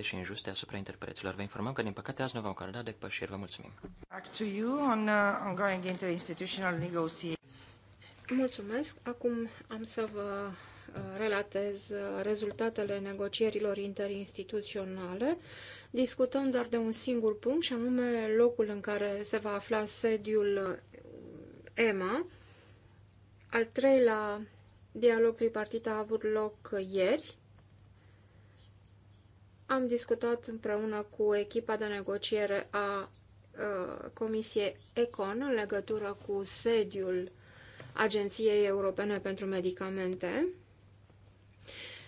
și injuste asupra interpreților. Vă informăm că, din păcate, azi nu vom acorda depășiri. Vă mulțumim. Back to you on uh, interinstitutional negotiation. Mulțumesc. Acum am să vă uh, relatez uh, rezultatele negocierilor interinstituționale. Discutăm doar de un singur punct și anume locul în care se va afla sediul uh, EMA. Al treilea dialog tripartit a avut loc ieri am discutat împreună cu echipa de negociere a Comisiei Econ în legătură cu sediul Agenției Europene pentru Medicamente,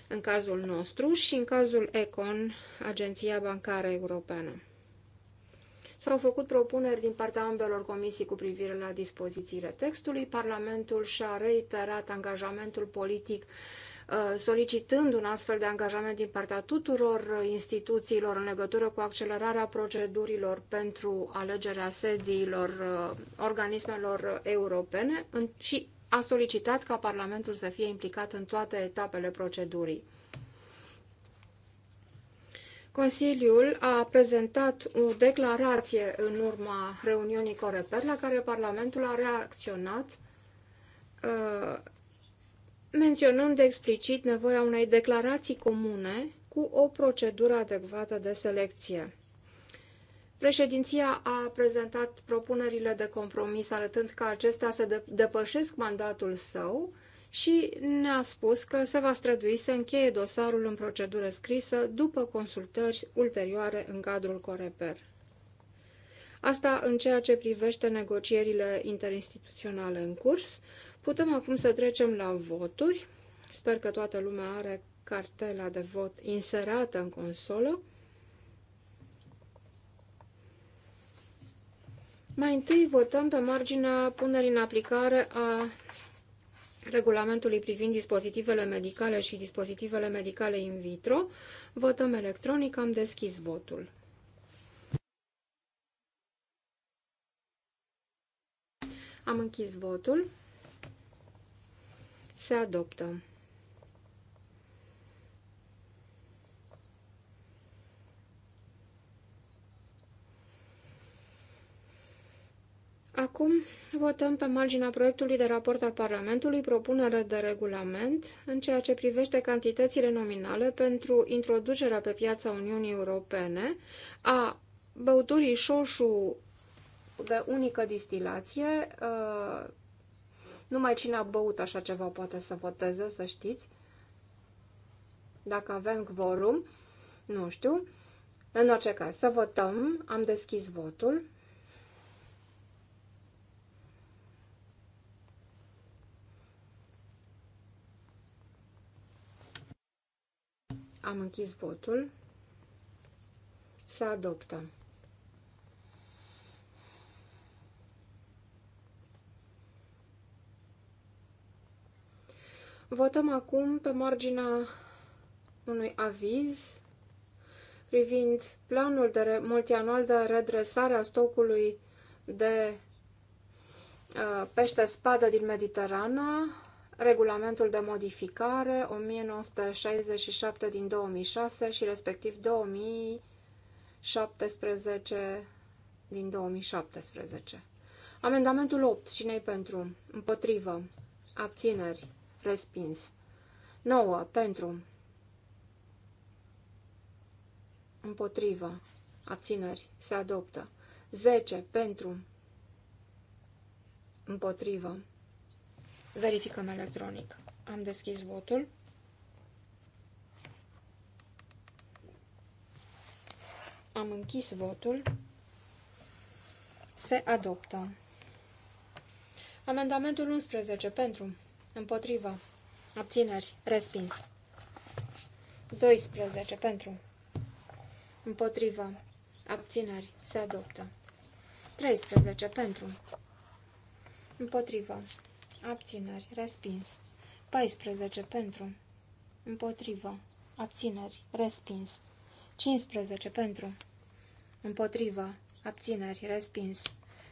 în cazul nostru, și în cazul Econ, Agenția Bancară Europeană. S-au făcut propuneri din partea ambelor comisii cu privire la dispozițiile textului. Parlamentul și-a reiterat angajamentul politic Uh, solicitând un astfel de angajament din partea tuturor instituțiilor în legătură cu accelerarea procedurilor pentru alegerea sediilor uh, organismelor europene și a solicitat ca Parlamentul să fie implicat în toate etapele procedurii. Consiliul a prezentat o declarație în urma reuniunii Coreper la care Parlamentul a reacționat uh, menționând explicit nevoia unei declarații comune cu o procedură adecvată de selecție. Președinția a prezentat propunerile de compromis, arătând că acestea se depășesc mandatul său și ne-a spus că se va strădui să încheie dosarul în procedură scrisă după consultări ulterioare în cadrul Coreper. Asta în ceea ce privește negocierile interinstituționale în curs. Putem acum să trecem la voturi. Sper că toată lumea are cartela de vot inserată în consolă. Mai întâi votăm pe marginea punerii în aplicare a regulamentului privind dispozitivele medicale și dispozitivele medicale in vitro. Votăm electronic, am deschis votul. Am închis votul. Se adoptă. Acum votăm pe marginea proiectului de raport al Parlamentului propunere de regulament în ceea ce privește cantitățile nominale pentru introducerea pe piața Uniunii Europene a băuturii șoșu de unică distilație uh, numai cine a băut așa ceva poate să voteze, să știți. Dacă avem quorum, nu știu. În orice caz, să votăm. Am deschis votul. Am închis votul. Să adoptăm. Votăm acum pe marginea unui aviz privind planul de multianual de redresare a stocului de uh, pește spadă din Mediterana, regulamentul de modificare 1967 din 2006 și respectiv 2017 din 2017. Amendamentul 8. Cine-i pentru? Împotrivă. Abțineri respins. 9. Pentru. Împotrivă. Abțineri. Se adoptă. 10. Pentru. Împotrivă. Verificăm electronic. Am deschis votul. Am închis votul. Se adoptă. Amendamentul 11. Pentru. Împotrivă. Abțineri. Respins. 12. Pentru. Împotrivă. Abțineri. Se adoptă. 13. Pentru. Împotrivă. Abțineri. Respins. 14. Pentru. Împotrivă. Abțineri. Respins. 15. Pentru. Împotrivă. Abțineri. Respins.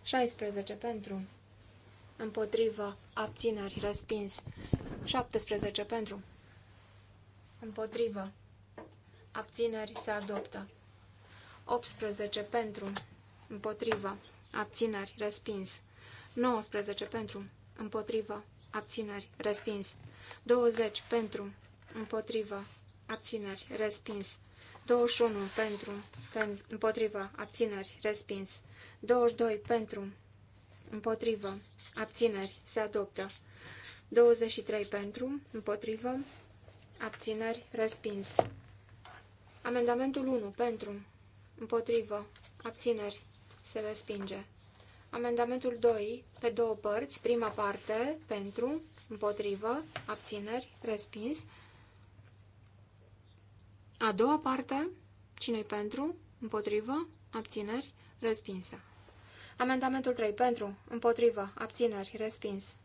16. Pentru împotrivă, abțineri, respins. 17 pentru, împotrivă, abțineri, se adoptă. 18 pentru, împotrivă, abțineri, respins. 19 pentru, împotrivă, abțineri, respins. 20 pentru, împotrivă, abțineri, respins. 21 pentru, pen, împotrivă, abțineri, respins. 22 pentru, împotrivă, abțineri, se adoptă. 23 pentru, împotrivă, abțineri, respins. Amendamentul 1 pentru, împotrivă, abțineri, se respinge. Amendamentul 2, pe două părți, prima parte, pentru, împotrivă, abțineri, respins. A doua parte, cine pentru, împotrivă, abțineri, respinsă. Amendamentul 3. Pentru. Împotrivă. Abțineri. Respins.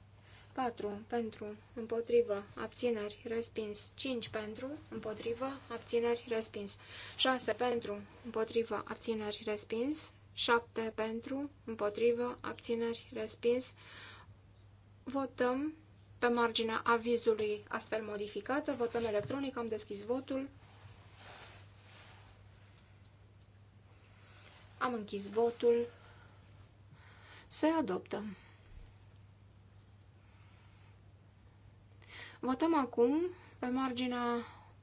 4. Pentru. Împotrivă. Abțineri. Respins. 5. Pentru. Împotrivă. Abțineri. Respins. 6. Pentru. Împotrivă. Abțineri. Respins. 7. Pentru. Împotrivă. Abțineri. Respins. Votăm pe marginea avizului astfel modificată. Votăm electronic. Am deschis votul. Am închis votul. Se adoptă. Votăm acum, pe marginea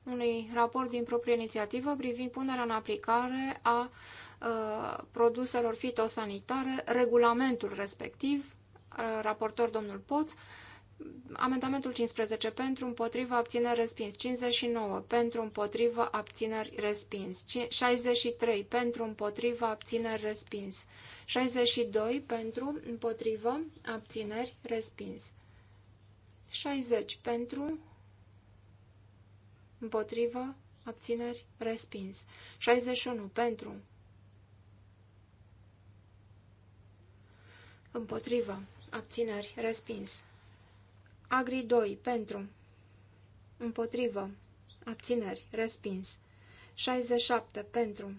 unui raport din proprie inițiativă privind punerea în aplicare a uh, produselor fitosanitare, regulamentul respectiv, uh, raportor domnul Poț, Amendamentul 15 pentru împotrivă abțineri respins. 59 pentru împotrivă abțineri respins. 63 pentru împotrivă abțineri respins. 62 pentru împotrivă abțineri respins. 60 pentru împotrivă abțineri respins. 61 pentru împotrivă abțineri respins. Agri 2. Pentru. Împotrivă. Abțineri. Respins. 67. Pentru.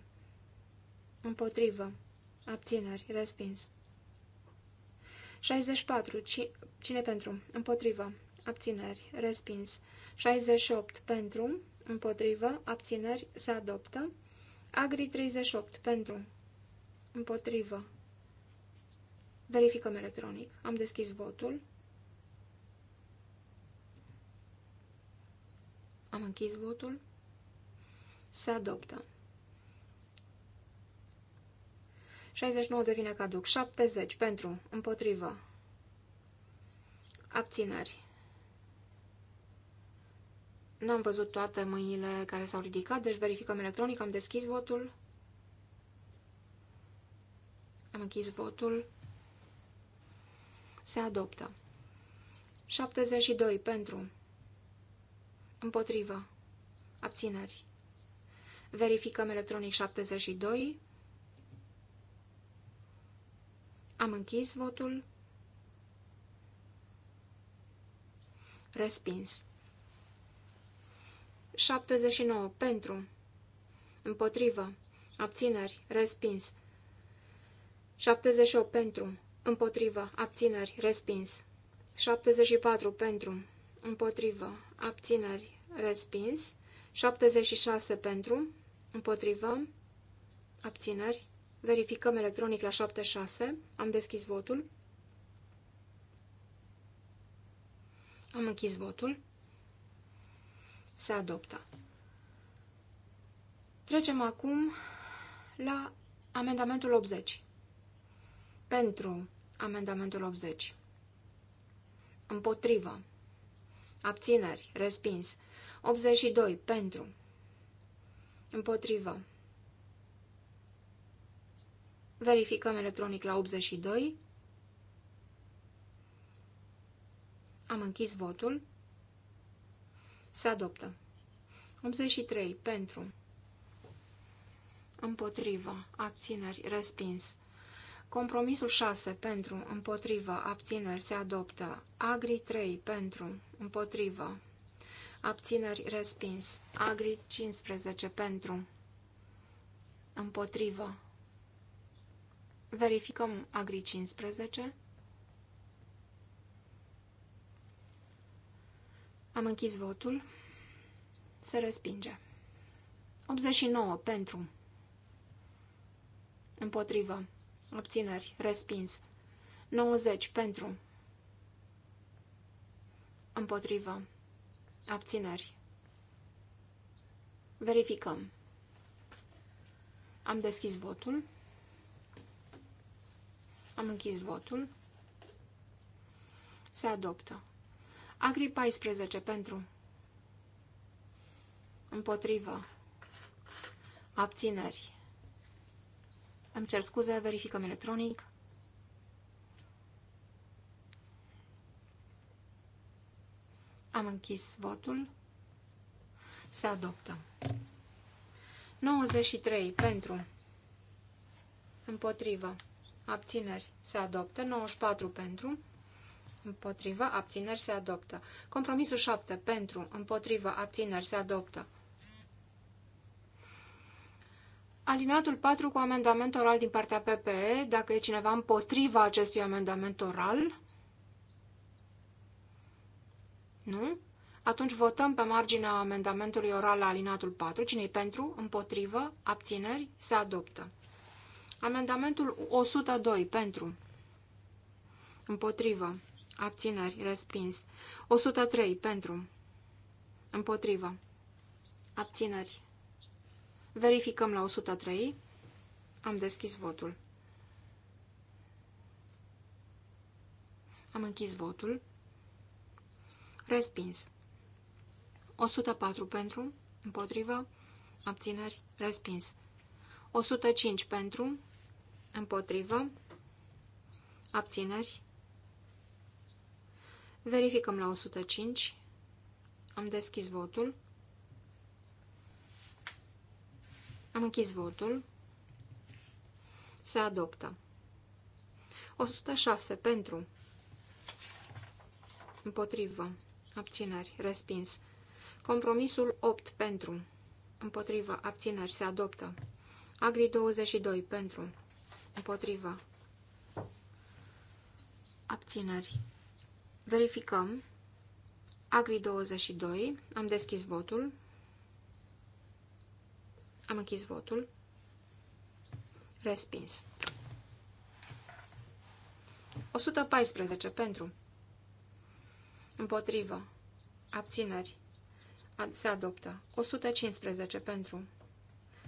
Împotrivă. Abțineri. Respins. 64. Cine pentru? Împotrivă. Abțineri. Respins. 68. Pentru. Împotrivă. Abțineri. Se adoptă. Agri 38. Pentru. Împotrivă. Verificăm electronic. Am deschis votul. Am închis votul. Se adoptă. 69 devine caduc. 70 pentru, împotrivă. Abțineri. N-am văzut toate mâinile care s-au ridicat, deci verificăm electronic. Am deschis votul. Am închis votul. Se adoptă. 72 pentru, Împotrivă. Abțineri. Verificăm electronic 72. Am închis votul. Respins. 79. Pentru. Împotrivă. Abțineri. Respins. 78. Pentru. Împotrivă. Abțineri. Respins. 74. Pentru împotrivă, abțineri, respins. 76 pentru, împotrivă, abțineri. Verificăm electronic la 76. Am deschis votul. Am închis votul. Se adoptă. Trecem acum la amendamentul 80. Pentru amendamentul 80. Împotrivă. Abțineri. Respins. 82. Pentru. Împotrivă. Verificăm electronic la 82. Am închis votul. Se adoptă. 83. Pentru. Împotrivă. Abțineri. Respins. Compromisul 6. Pentru. Împotrivă. Abțineri. Se adoptă. Agri 3. Pentru. Împotrivă. Abțineri respins. Agri 15 pentru. Împotrivă. Verificăm Agri 15. Am închis votul. Se respinge. 89 pentru. Împotrivă. Abțineri. Respins. 90 pentru. Împotrivă. Abțineri. Verificăm. Am deschis votul. Am închis votul. Se adoptă. Agri 14 pentru. Împotrivă. Abțineri. Îmi cer scuze, verificăm electronic. Am închis votul. Se adoptă. 93 pentru. Împotrivă. Abțineri. Se adoptă. 94 pentru. Împotrivă. Abțineri. Se adoptă. Compromisul 7 pentru. Împotrivă. Abțineri. Se adoptă. Alinatul 4 cu amendament oral din partea PPE. Dacă e cineva împotriva acestui amendament oral, nu? Atunci votăm pe marginea amendamentului oral la alinatul 4. Cine-i pentru? Împotrivă? Abțineri? Se adoptă. Amendamentul 102. Pentru. Împotrivă. Abțineri. Respins. 103. Pentru. Împotrivă. Abțineri. Verificăm la 103. Am deschis votul. Am închis votul. Respins. 104 pentru, împotrivă, abțineri, respins. 105 pentru, împotrivă, abțineri. Verificăm la 105. Am deschis votul. Am închis votul. Se adoptă. 106 pentru, împotrivă, abțineri, respins. Compromisul 8 pentru, împotrivă, abțineri, se adoptă. Agri 22 pentru, împotrivă, abțineri. Verificăm. Agri 22, am deschis votul. Am închis votul. Respins. 114 pentru. Împotrivă. Abțineri. Se adoptă. 115 pentru.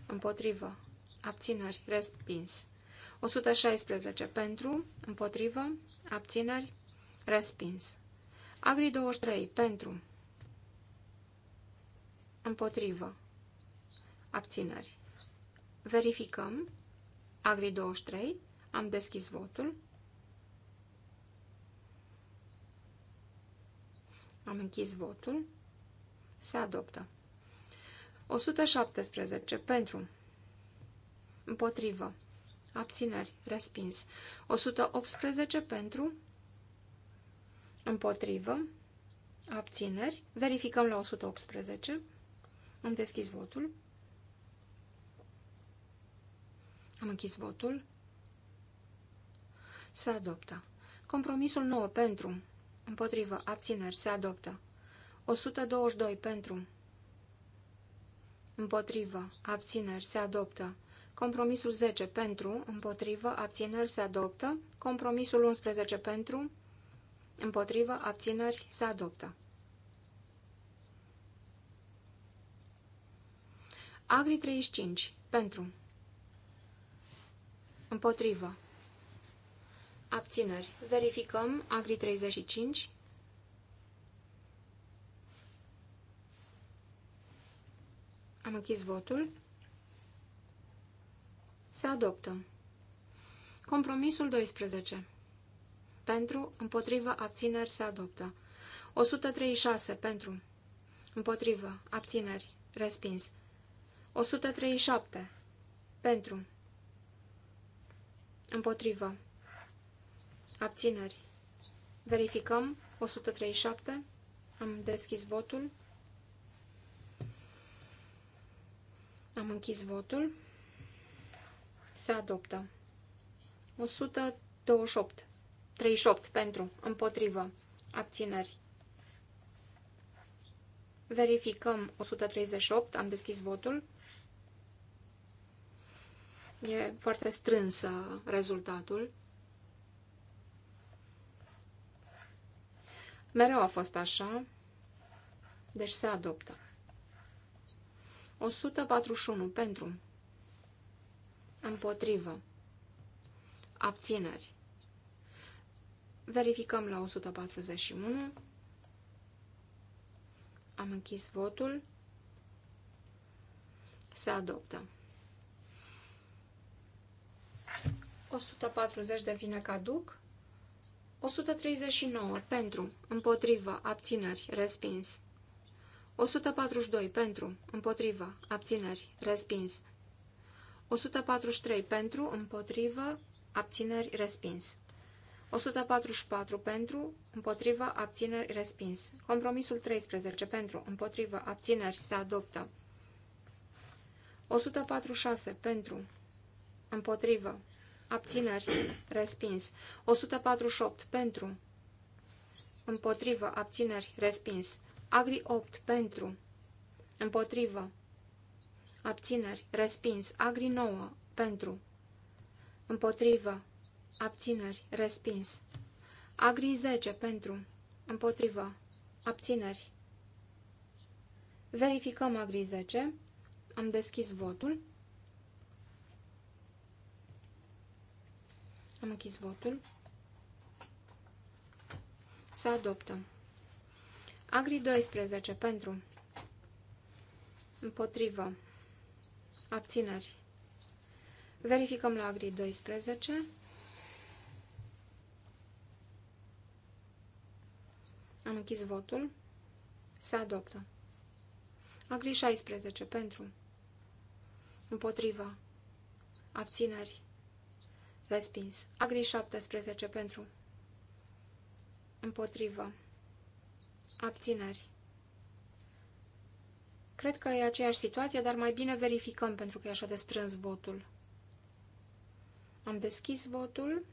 Împotrivă. Abțineri. Respins. 116 pentru. Împotrivă. Abțineri. Respins. Agri 23 pentru. Împotrivă. Abțineri. Verificăm. Agri 23. Am deschis votul. Am închis votul. Se adoptă. 117. Pentru. Împotrivă. Abțineri. Respins. 118. Pentru. Împotrivă. Abțineri. Verificăm la 118. Am deschis votul. Am închis votul. Se adoptă. Compromisul 9 pentru. Împotrivă. Abțineri. Se adoptă. 122. Pentru. Împotrivă. Abțineri. Se adoptă. Compromisul 10. Pentru. Împotrivă. Abțineri. Se adoptă. Compromisul 11. Pentru. Împotrivă. Abțineri. Se adoptă. Agri 35. Pentru. Împotrivă. Abțineri. Verificăm. Agri 35. Am închis votul. Se adoptă. Compromisul 12. Pentru, împotrivă, abțineri se adoptă. 136. Pentru, împotrivă, abțineri, respins. 137. Pentru, împotrivă, Abțineri. Verificăm. 137. Am deschis votul. Am închis votul. Se adoptă. 128. 38 pentru. Împotrivă. Abțineri. Verificăm 138. Am deschis votul. E foarte strânsă uh, rezultatul. Mereu a fost așa, deci se adoptă. 141 pentru. Împotrivă. Abțineri. Verificăm la 141. Am închis votul. Se adoptă. 140 devine caduc. 139. Pentru. Împotrivă. Abțineri. Respins. 142. Pentru. Împotrivă. Abțineri. Respins. 143. Pentru. Împotrivă. Abțineri. Respins. 144 pentru, împotrivă, abțineri, respins. Compromisul 13 pentru, împotrivă, abțineri, se adoptă. 146 pentru, împotrivă, Abțineri. Respins. 148. Pentru. Împotrivă. Abțineri. Respins. Agri 8. Pentru. Împotrivă. Abțineri. Respins. Agri 9. Pentru. Împotrivă. Abțineri. Respins. Agri 10. Pentru. Împotrivă. Abțineri. Verificăm Agri 10. Am deschis votul. Am închis votul. să adoptă. Agri 12 pentru. Împotrivă. Abțineri. Verificăm la Agri 12. Am închis votul. Se adoptă. Agri 16 pentru. Împotriva. Abțineri. Respins. Agri 17 pentru. Împotrivă. Abțineri. Cred că e aceeași situație, dar mai bine verificăm pentru că e așa de strâns votul. Am deschis votul.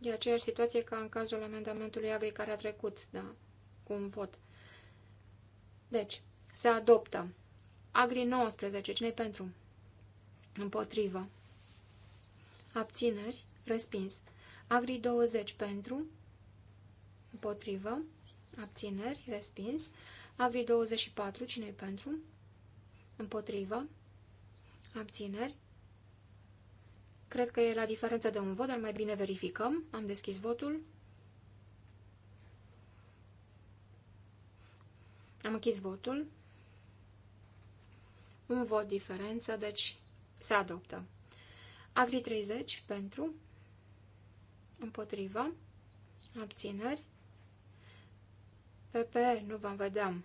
E aceeași situație ca în cazul amendamentului agri care a trecut, da, cu un vot. Deci, se adoptă. Agri 19. cine pentru? Împotrivă abțineri, respins. Agri 20 pentru, împotrivă, abțineri, respins. Agri 24, cine pentru? Împotrivă, abțineri. Cred că e la diferență de un vot, dar mai bine verificăm. Am deschis votul. Am închis votul. Un vot diferență, deci se adoptă. Agri 30 pentru, împotrivă, abțineri. PP, nu v-am vedeam.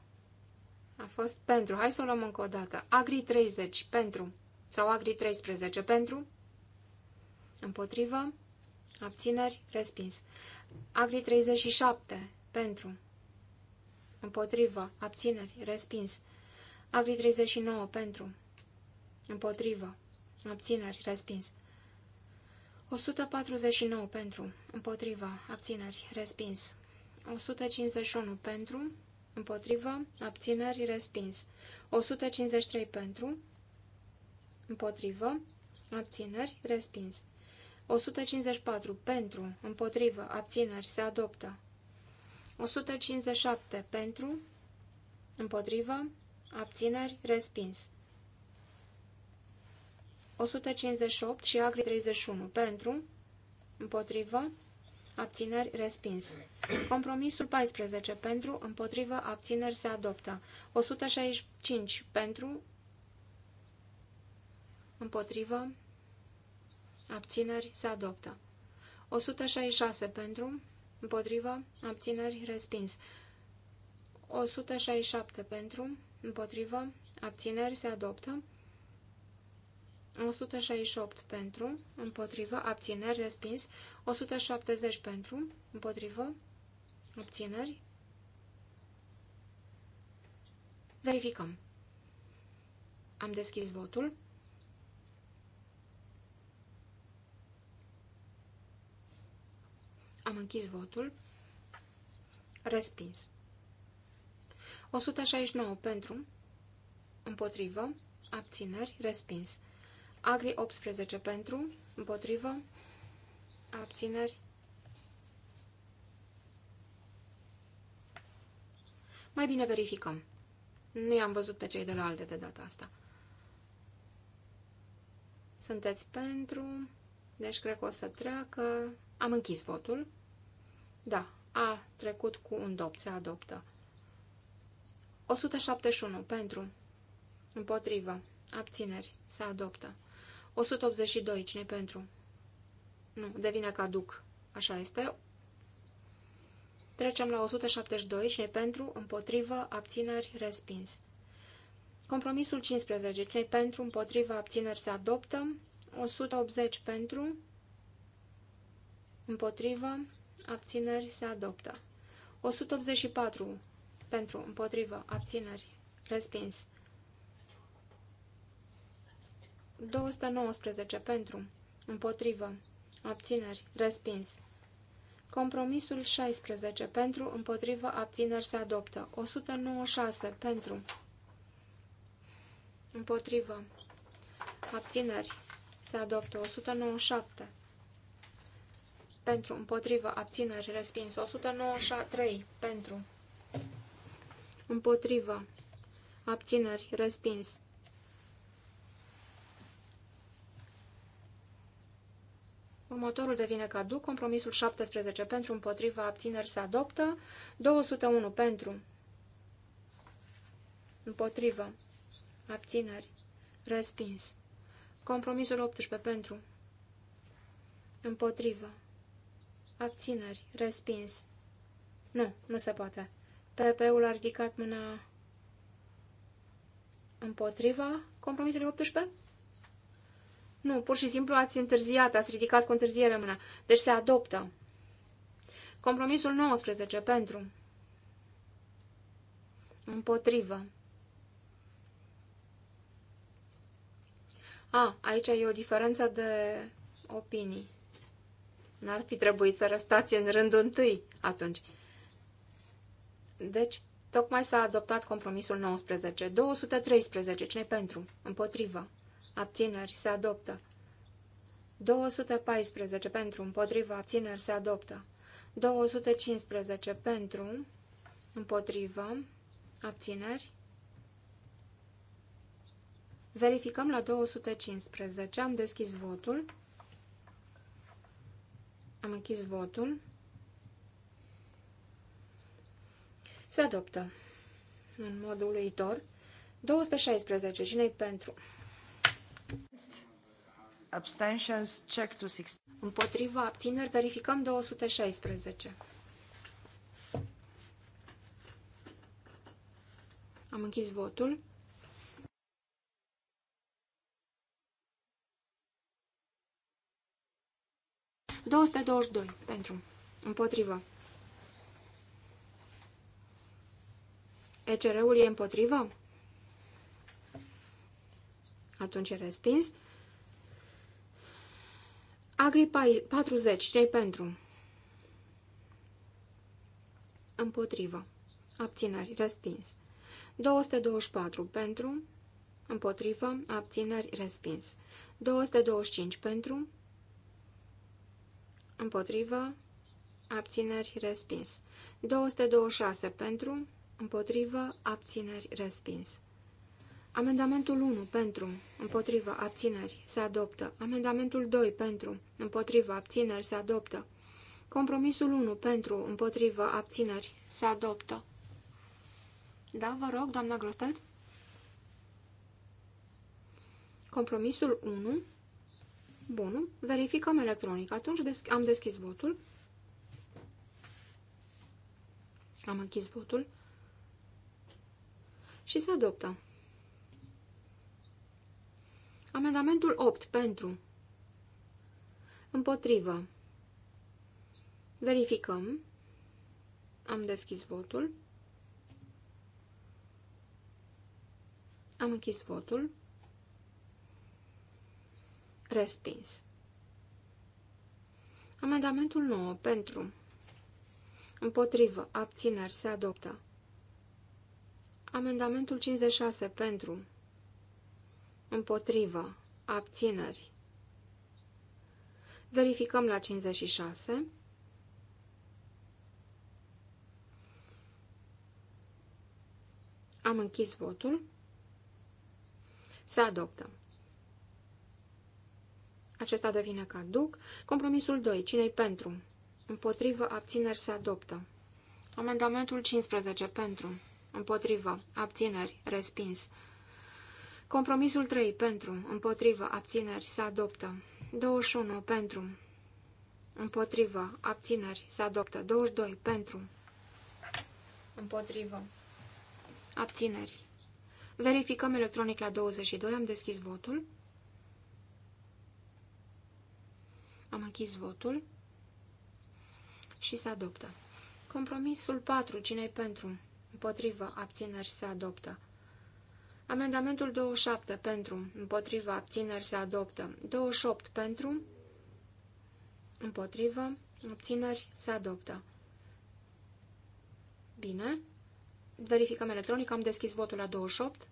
A fost pentru. Hai să o luăm încă o dată. Agri 30 pentru, sau Agri 13 pentru, împotrivă, abțineri, respins. Agri 37 pentru, împotrivă, abțineri, respins. Agri 39 pentru, împotrivă, abțineri, respins. 149 pentru, împotriva, abțineri, respins. 151 pentru, împotriva, abțineri, respins. 153 pentru, împotrivă, abțineri, respins. 154 pentru, împotrivă, abțineri, se adoptă. 157 pentru, împotrivă, abțineri, respins. 158 și Agri 31. Pentru, împotrivă, abțineri, respins. Compromisul 14. Pentru, împotrivă, abțineri, se adoptă. 165. Pentru, împotrivă, abțineri, se adoptă. 166. Pentru, împotrivă, abțineri, respins. 167. Pentru, împotrivă, abțineri, se adoptă. 168 pentru, împotrivă, abțineri, respins. 170 pentru, împotrivă, abțineri. Verificăm. Am deschis votul. Am închis votul. Respins. 169 pentru, împotrivă, abțineri, respins. Agri 18 pentru, împotrivă, abțineri. Mai bine verificăm. Nu i-am văzut pe cei de la alte de data asta. Sunteți pentru, deci cred că o să treacă. Am închis votul. Da, a trecut cu un dop, se adoptă. 171 pentru, împotrivă, abțineri, se adoptă. 182. cine pentru? Nu, devine caduc. Așa este. Trecem la 172. cine pentru? Împotrivă, abțineri, respins. Compromisul 15. cine pentru? Împotrivă, abțineri, se adoptă. 180 pentru, împotrivă, abțineri, se adoptă. 184 pentru, împotrivă, abțineri, respins. 219 pentru, împotrivă, abțineri, respins. Compromisul 16 pentru, împotrivă, abțineri se adoptă. 196 pentru, împotrivă, abțineri se adoptă. 197 pentru, împotrivă, abțineri, respins. 193 pentru, împotrivă, abțineri, respins. Următorul devine caduc. Compromisul 17 pentru, împotriva, abțineri se adoptă. 201 pentru, împotriva abțineri, respins. Compromisul 18 pentru, împotriva abțineri, respins. Nu, nu se poate. PP-ul a ridicat mâna împotriva compromisului 18? Nu, pur și simplu ați întârziat, ați ridicat cu întârziere mâna. Deci se adoptă. Compromisul 19 pentru. Împotrivă. A, aici e o diferență de opinii. N-ar fi trebuit să răstați în rândul întâi atunci. Deci, tocmai s-a adoptat compromisul 19. 213. cine pentru? Împotrivă abțineri, se adoptă. 214 pentru, împotriva, abțineri, se adoptă. 215 pentru, împotrivă, abțineri. Verificăm la 215. Am deschis votul. Am închis votul. Se adoptă în mod uluitor. 216. Cine-i pentru? Abstentions check to 16. Împotriva abțineri verificăm 216. Am închis votul. doi pentru. Împotrivă. ECR-ul e împotrivă? atunci e respins. Agripa 40, cei pentru? Împotrivă. Abțineri, respins. 224 pentru, împotrivă, abțineri, respins. 225 pentru, împotrivă, abțineri, respins. 226 pentru, împotrivă, abțineri, respins. Amendamentul 1 pentru, împotrivă, abțineri, se adoptă. Amendamentul 2 pentru, împotrivă, abțineri, se adoptă. Compromisul 1 pentru, împotrivă, abțineri, se adoptă. Da, vă rog, doamna Grostet? Compromisul 1. Bun, verificăm electronic. Atunci desch am deschis votul. Am închis votul. Și se adoptă. Amendamentul 8 pentru. Împotrivă. Verificăm. Am deschis votul. Am închis votul. Respins. Amendamentul 9 pentru. Împotrivă. Abțineri. Se adoptă. Amendamentul 56 pentru împotrivă, abțineri. Verificăm la 56. Am închis votul. Se adoptă. Acesta devine caduc. Compromisul 2. Cine-i pentru? Împotrivă, abțineri, se adoptă. Amendamentul 15. Pentru. Împotrivă, abțineri, respins. Compromisul 3. Pentru. Împotrivă. Abțineri. Se adoptă. 21. Pentru. Împotrivă. Abțineri. Se adoptă. 22. Pentru. Împotrivă. Abțineri. Verificăm electronic la 22. Am deschis votul. Am închis votul. Și se adoptă. Compromisul 4. Cine-i pentru? Împotrivă. Abțineri. Se adoptă. Amendamentul 27 pentru, împotriva abțineri se adoptă. 28 pentru, împotriva abțineri se adoptă. Bine. Verificăm electronic. Am deschis votul la 28.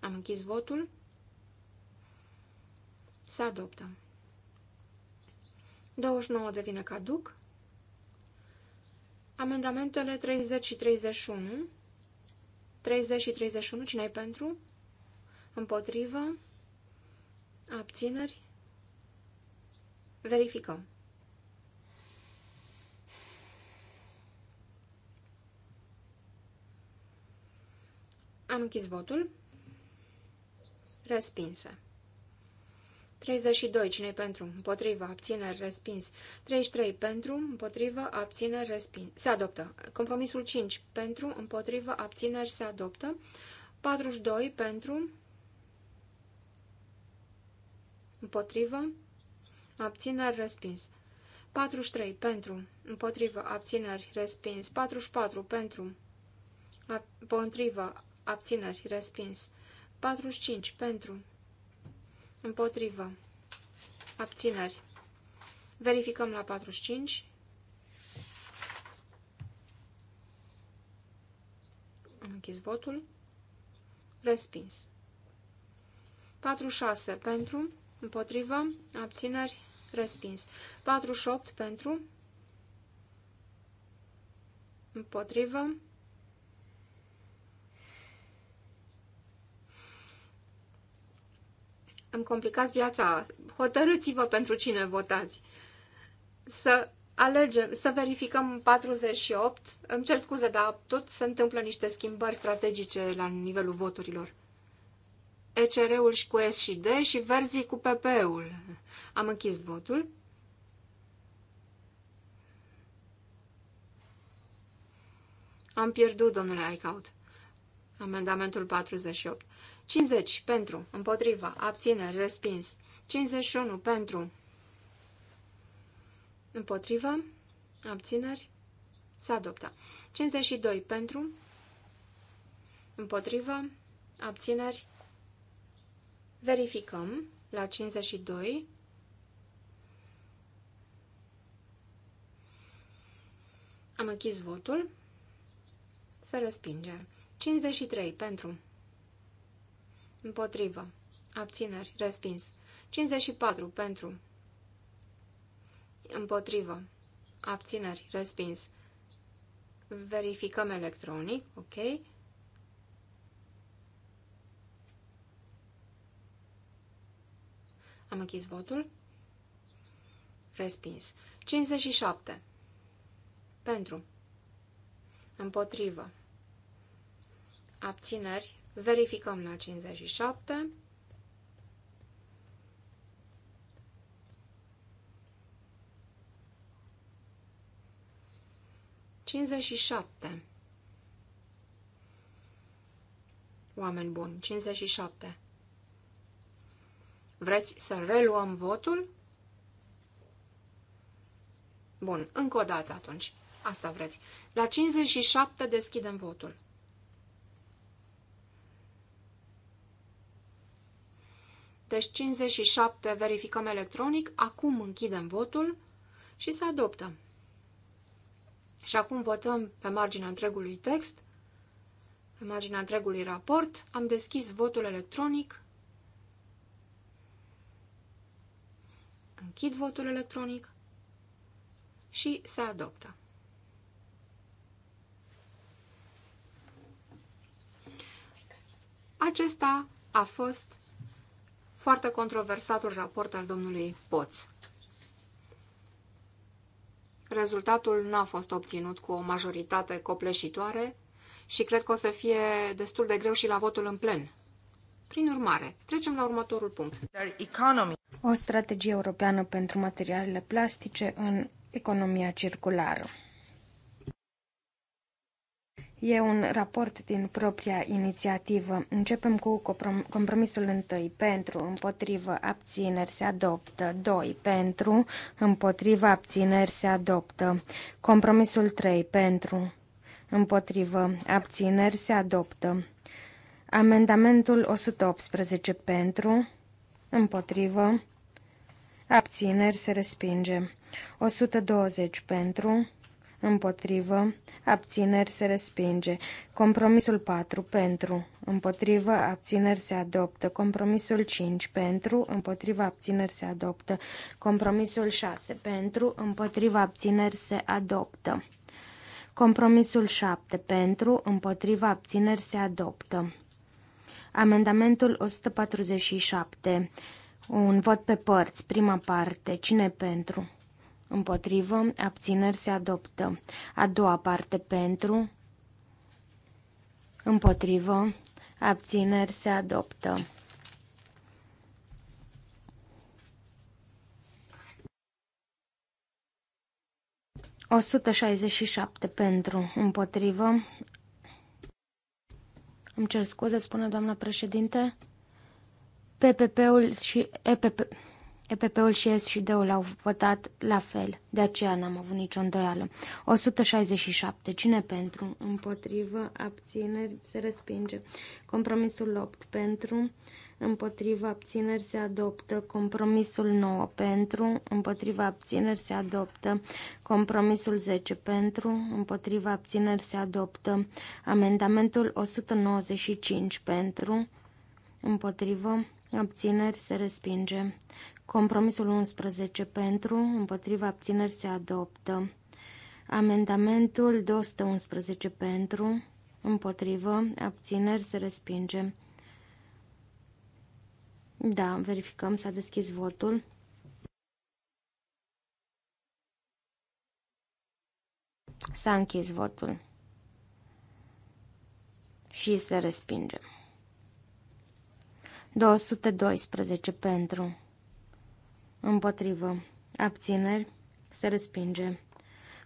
Am închis votul. Se adoptă. 29 devine caduc. Amendamentele 30 și 31. 30 și 31, cine ai pentru? Împotrivă? Abțineri? Verificăm. Am închis votul. Respinse. 32. cine pentru? Împotrivă. Abțineri. Respins. 33. Pentru. Împotrivă. Abțineri. Respins. Se adoptă. Compromisul 5. Pentru. Împotrivă. Abțineri. Se adoptă. 42. Pentru. Împotrivă. Abțineri. Respins. 43. Pentru. Împotrivă. Abțineri. Respins. 44. Pentru. Împotrivă. Abțineri. Respins. 45. Pentru. Împotrivă. Abțineri. Verificăm la 45. Am închis votul. Respins. 46 pentru, împotrivă, abțineri, respins. 48 pentru, împotrivă, îmi complicați viața, hotărâți-vă pentru cine votați. Să alegem, să verificăm 48, îmi cer scuze, dar tot se întâmplă niște schimbări strategice la nivelul voturilor. ECR-ul și cu S și D și verzii cu PP-ul. Am închis votul. Am pierdut, domnule Aicaut. Amendamentul 48. 50 pentru, împotriva, abțineri, respins. 51 pentru, împotriva, abțineri, s-a adoptat. 52 pentru, împotriva, abțineri, verificăm la 52. Am închis votul. să respingem. 53 pentru. Împotrivă. Abțineri. Respins. 54. Pentru. Împotrivă. Abțineri. Respins. Verificăm electronic. Ok. Am închis votul. Respins. 57. Pentru. Împotrivă. Abțineri. Verificăm la 57. Cincizeci și șapte. Oameni buni, 57. Vreți să reluăm votul? Bun, încă o dată atunci. Asta vreți. La 57 deschidem votul. Deci 57 verificăm electronic, acum închidem votul și se adoptă. Și acum votăm pe marginea întregului text, pe marginea întregului raport. Am deschis votul electronic. Închid votul electronic și se adoptă. Acesta a fost foarte controversatul raport al domnului Poț. Rezultatul nu a fost obținut cu o majoritate copleșitoare și cred că o să fie destul de greu și la votul în plen. Prin urmare, trecem la următorul punct. O strategie europeană pentru materialele plastice în economia circulară. E un raport din propria inițiativă. Începem cu compromisul întâi. Pentru, împotrivă, abțineri se adoptă. 2. Pentru, împotrivă, abțineri se adoptă. Compromisul 3. Pentru, împotrivă, abțineri se adoptă. Amendamentul 118 pentru, împotrivă, abțineri se respinge. 120 pentru, împotrivă, abțineri se respinge. Compromisul 4 pentru, împotrivă, abțineri se adoptă. Compromisul 5 pentru, împotrivă, abțineri se adoptă. Compromisul 6 pentru, împotrivă, abțineri se adoptă. Compromisul 7 pentru, împotrivă, abțineri se adoptă. Amendamentul 147. Un vot pe părți, prima parte. Cine pentru? împotrivă, abțineri se adoptă. A doua parte pentru, împotrivă, abțineri se adoptă. O 167 pentru, împotrivă. Îmi cer scuze, spune doamna președinte. PPP-ul și EPP... EPP-ul și SD-ul au votat la fel, de aceea n-am avut nicio îndoială. 167. Cine pentru? Împotrivă, abțineri, se respinge. Compromisul 8 pentru, împotrivă, abțineri, se adoptă. Compromisul 9 pentru, împotrivă, abțineri, se adoptă. Compromisul 10 pentru, împotrivă, abțineri, se adoptă. Amendamentul 195 pentru, împotrivă, Abțineri se respinge. Compromisul 11 pentru, împotriva abțineri se adoptă. Amendamentul 211 pentru, împotrivă, abțineri se respinge. Da, verificăm, s-a deschis votul. S-a închis votul și se respinge. 212 pentru împotrivă, abțineri, se respinge.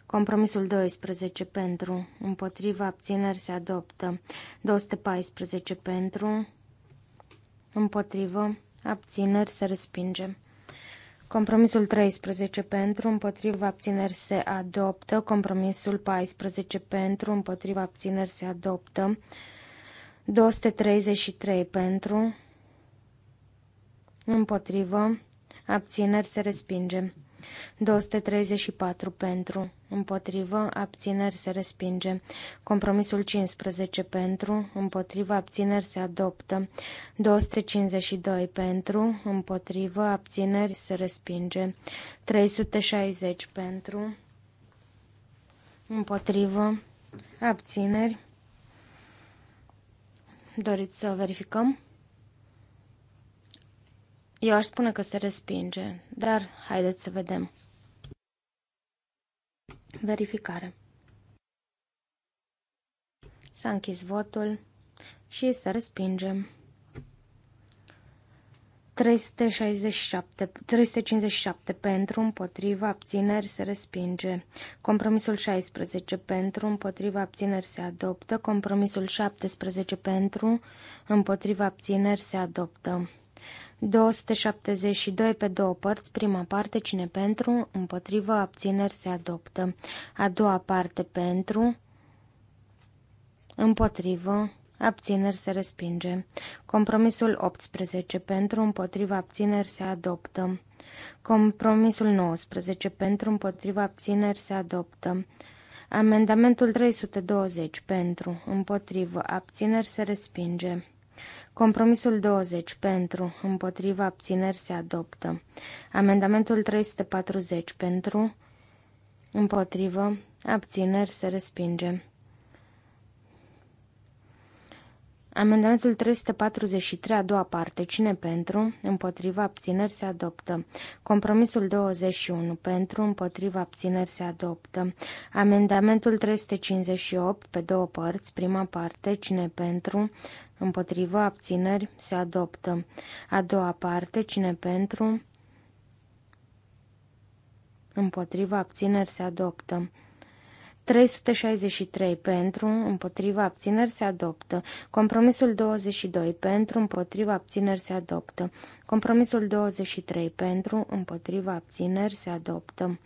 Compromisul 12 pentru, împotriva abțineri se adoptă. 214 pentru, împotrivă, abțineri se respinge. Compromisul 13 pentru, împotriva abțineri se adoptă. Compromisul 14 pentru, împotriva abțineri se adoptă. 233 pentru, împotrivă, abțineri se respinge. 234 pentru, împotrivă, abțineri se respinge. Compromisul 15 pentru, împotrivă, abțineri se adoptă. 252 pentru, împotrivă, abțineri se respinge. 360 pentru, împotrivă, abțineri. Doriți să verificăm? Eu aș spune că se respinge, dar haideți să vedem. Verificare. S-a închis votul și se respinge. 367, 357 pentru, împotriva, abțineri se respinge. Compromisul 16 pentru, împotriva, abțineri se adoptă. Compromisul 17 pentru, împotriva, abțineri se adoptă. 272 pe două părți, prima parte cine pentru, împotrivă, abțineri se adoptă. A doua parte pentru, împotrivă, abțineri se respinge. Compromisul 18 pentru, împotrivă, abțineri se adoptă. Compromisul 19 pentru, împotrivă, abțineri se adoptă. Amendamentul 320 pentru, împotrivă, abțineri se respinge. Compromisul 20 pentru, împotriva abțineri se adoptă. Amendamentul 340 pentru, împotrivă, abțineri se respinge. Amendamentul 343, a doua parte. Cine pentru? Împotriva abțineri se adoptă. Compromisul 21. Pentru? Împotriva abțineri se adoptă. Amendamentul 358, pe două părți. Prima parte. Cine pentru? Împotriva abțineri se adoptă. A doua parte. Cine pentru? Împotriva abțineri se adoptă. 363 pentru, împotriva abțineri se adoptă. Compromisul 22 pentru, împotriva abțineri se adoptă. Compromisul 23 pentru, împotriva abțineri se adoptă.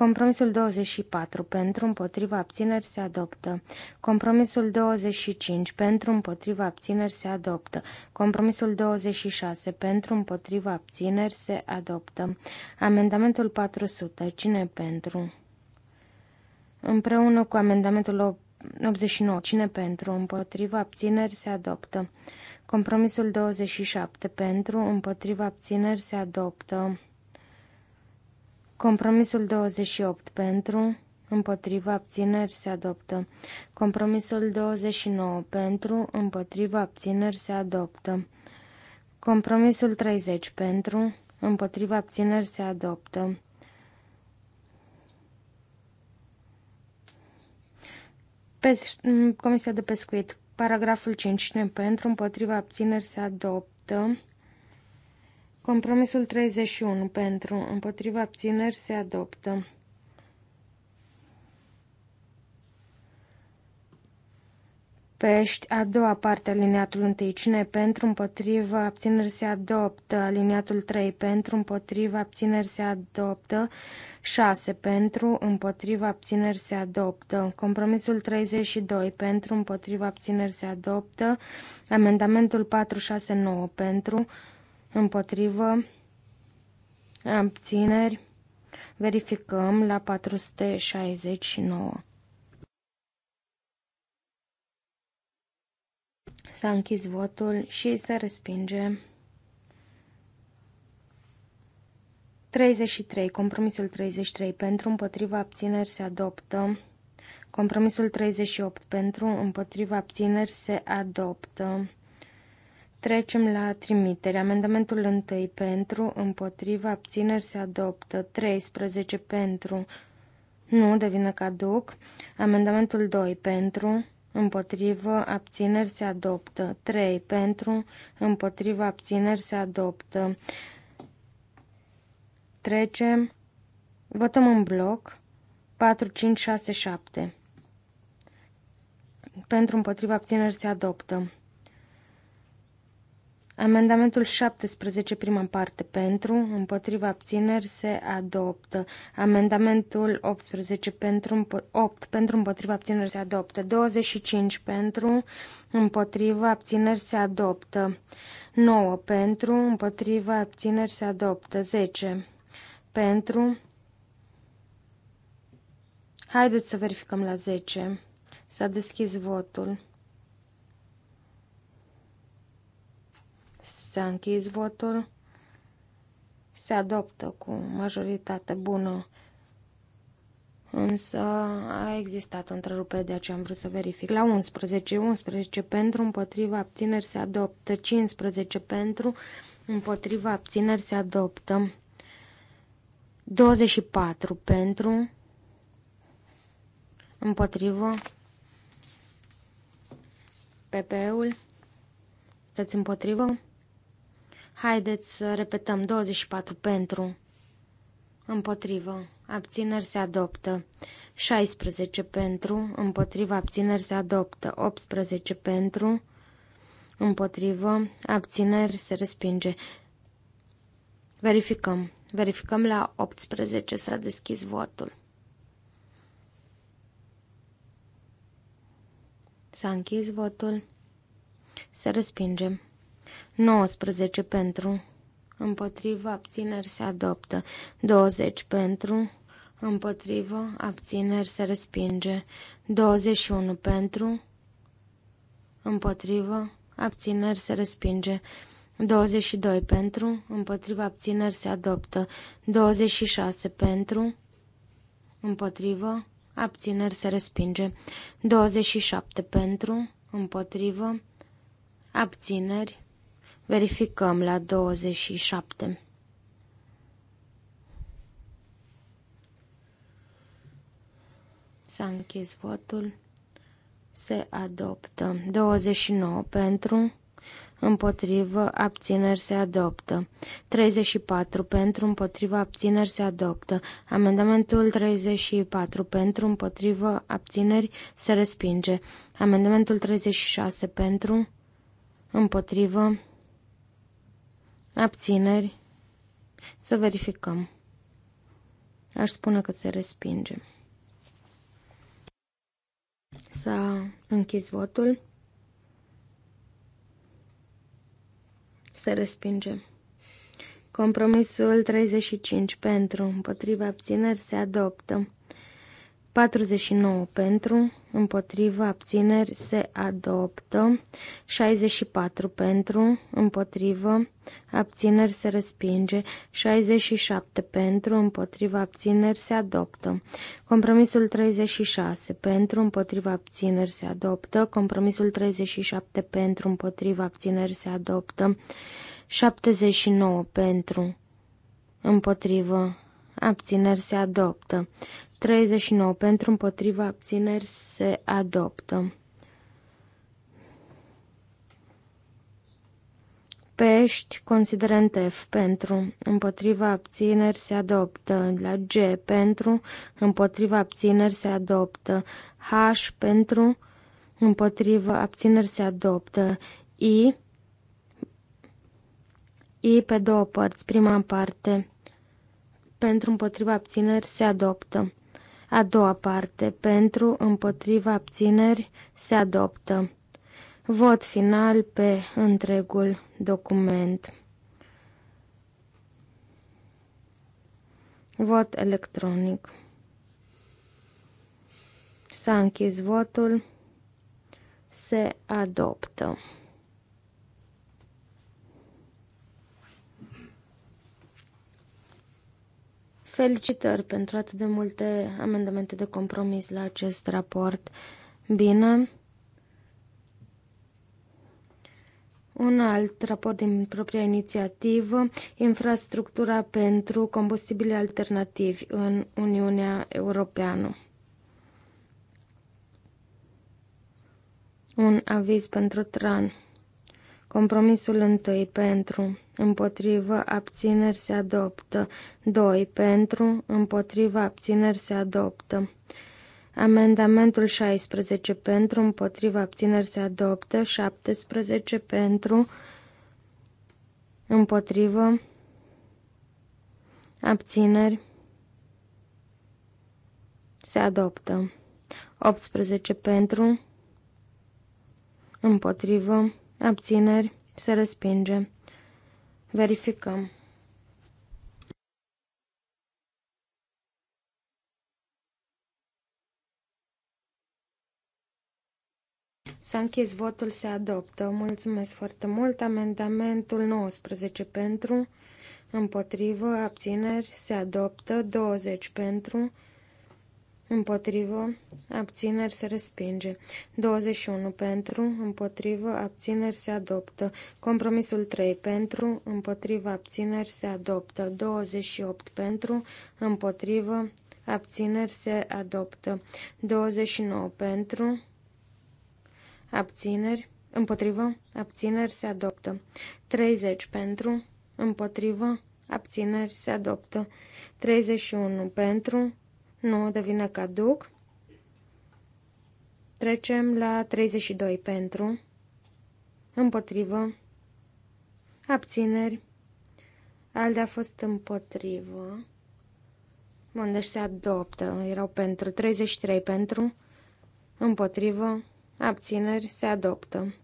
Compromisul 24 pentru împotriva abțineri se adoptă. Compromisul 25 pentru împotriva abțineri se adoptă. Compromisul 26 pentru împotriva abțineri se adoptă. Amendamentul 400. Cine pentru? Împreună cu amendamentul 89. Cine pentru? Împotriva abțineri se adoptă. Compromisul 27 pentru împotriva abțineri se adoptă. Compromisul 28 pentru, împotriva abțineri se adoptă. Compromisul 29 pentru, împotriva abțineri se adoptă. Compromisul 30 pentru, împotriva abțineri se adoptă. Pes Comisia de pescuit, paragraful 5 pentru, împotriva abțineri se adoptă. Compromisul 31 pentru, împotriva abțineri se adoptă. Pești, a doua parte aliniatul 1, cine pentru, împotriva abțineri se adoptă. Aliniatul 3 pentru, împotriva abțineri se adoptă. 6 pentru, împotriva abțineri se adoptă. Compromisul 32 pentru, împotriva abțineri se adoptă. Amendamentul 469 pentru, împotrivă, abțineri, verificăm la 469. S-a închis votul și se respinge 33. Compromisul 33 pentru, împotriva abțineri se adoptă. Compromisul 38 pentru, împotriva abțineri se adoptă. Trecem la trimitere. Amendamentul 1 pentru, împotriva, abțineri se adoptă. 13 pentru, nu, devine caduc. Amendamentul 2 pentru, împotrivă, abțineri se adoptă. 3 pentru, împotriva, abțineri se adoptă. Trecem, votăm în bloc. 4, 5, 6, 7. Pentru, împotriva, abțineri se adoptă. Amendamentul 17, prima parte pentru, împotriva abțineri se adoptă. Amendamentul 18 pentru, 8 pentru, împotriva abțineri se adoptă. 25 pentru, împotriva abțineri se adoptă. 9 pentru, împotriva abțineri se adoptă. 10 pentru. Haideți să verificăm la 10. S-a deschis votul. S-a închis votul. Se adoptă cu majoritate bună. Însă a existat o întrerupere, de aceea am vrut să verific. La 11, 11 pentru, împotriva abțineri se adoptă, 15 pentru, împotriva abțineri se adoptă, 24 pentru, împotrivă, PP-ul, stați împotrivă. Haideți să repetăm 24 pentru. Împotrivă. Abțineri se adoptă. 16 pentru. Împotrivă. Abțineri se adoptă. 18 pentru. Împotrivă. Abțineri se respinge. Verificăm. Verificăm la 18 s-a deschis votul. S-a închis votul. Se respinge. 19 pentru, împotrivă, abțineri se adoptă. 20 pentru, împotrivă, abțineri se respinge. 21 pentru, împotrivă, abțineri se respinge. 22 pentru, împotriva abțineri se adoptă. 26 pentru, împotrivă, abțineri se respinge. 27 pentru, împotrivă, abțineri Verificăm la 27. S-a închis votul. Se adoptă. 29 pentru, împotrivă, abțineri se adoptă. 34 pentru, împotrivă, abțineri se adoptă. Amendamentul 34 pentru, împotrivă, abțineri se respinge. Amendamentul 36 pentru, împotrivă, abțineri, să verificăm. Aș spune că se respinge. S-a închis votul. Se respinge. Compromisul 35 pentru, împotriva abțineri, se adoptă. 49 pentru, împotriva abțineri se adoptă, 64 pentru, împotriva abțineri se respinge, 67 pentru, împotriva abțineri se adoptă, compromisul 36 pentru, împotriva abțineri se adoptă, compromisul 37 pentru, împotriva abțineri se adoptă, 79 pentru, împotriva abțineri se adoptă. 39 pentru împotriva abțineri se adoptă. Pești, considerent F, pentru, împotriva abțineri se adoptă, la G, pentru, împotriva abțineri se adoptă, H, pentru, împotriva abțineri se adoptă, I, I pe două părți, prima parte, pentru împotriva abțineri se adoptă. A doua parte, pentru împotriva abțineri se adoptă. Vot final pe întregul document. Vot electronic. S-a închis votul. Se adoptă. Felicitări pentru atât de multe amendamente de compromis la acest raport. Bine. Un alt raport din propria inițiativă, infrastructura pentru combustibile alternativi în Uniunea Europeană. Un aviz pentru TRAN. Compromisul 1 pentru, împotrivă, abțineri se adoptă. 2 pentru, împotrivă, abțineri se adoptă. Amendamentul 16 pentru, împotrivă, abțineri se adoptă. 17 pentru, împotrivă, abțineri se adoptă. 18 pentru, împotrivă, abțineri, se respinge. Verificăm. S-a închis votul, se adoptă. Mulțumesc foarte mult. Amendamentul 19 pentru, împotrivă, abțineri, se adoptă. 20 pentru, împotrivă, abțineri se respinge. 21 pentru, împotrivă, abțineri se adoptă. Compromisul 3 pentru, împotrivă, abțineri se adoptă. 28 pentru, împotrivă, abțineri se adoptă. 29 pentru, abțineri, împotrivă, abțineri se adoptă. 30 pentru, împotrivă, abțineri se adoptă. 31 pentru, nu, devine caduc. Trecem la 32 pentru, împotrivă, abțineri. de a fost împotrivă. Bun, deci se adoptă. Erau pentru 33 pentru, împotrivă, abțineri, se adoptă.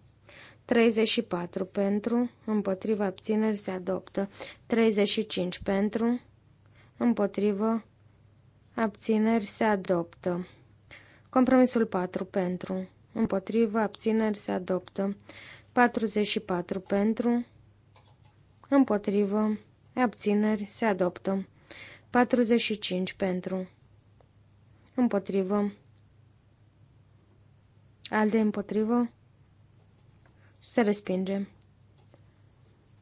34 pentru, împotrivă, abțineri, se adoptă. 35 pentru, împotrivă, abțineri se adoptă. Compromisul 4 pentru, împotrivă, abțineri se adoptă. 44 pentru, împotrivă, abțineri se adoptă. 45 pentru, împotrivă, alde împotrivă, se respinge.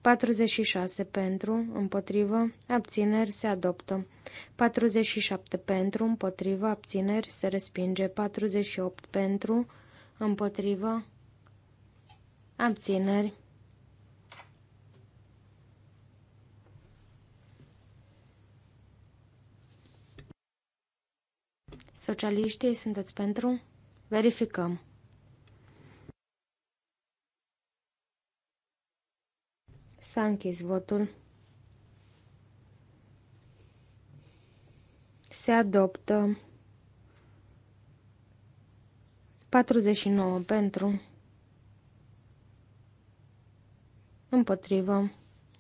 46 pentru, împotrivă, abțineri se adoptă. 47 pentru, împotrivă, abțineri se respinge. 48 pentru, împotrivă, abțineri. Socialiștii sunteți pentru? Verificăm. S-a închis votul. Se adoptă 49 pentru, împotrivă,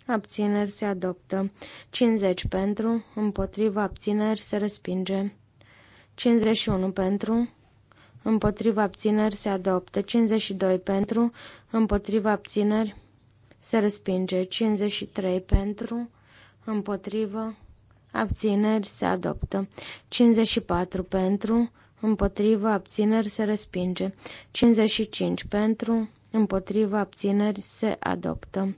abțineri se adoptă, 50 pentru, împotrivă, abțineri se respinge, 51 pentru, împotrivă, abțineri se adoptă, 52 pentru, împotrivă, abțineri se respinge 53 pentru, împotrivă, abțineri se adoptă 54 pentru, împotrivă, abțineri se respinge 55 pentru, împotrivă, abțineri se adoptă.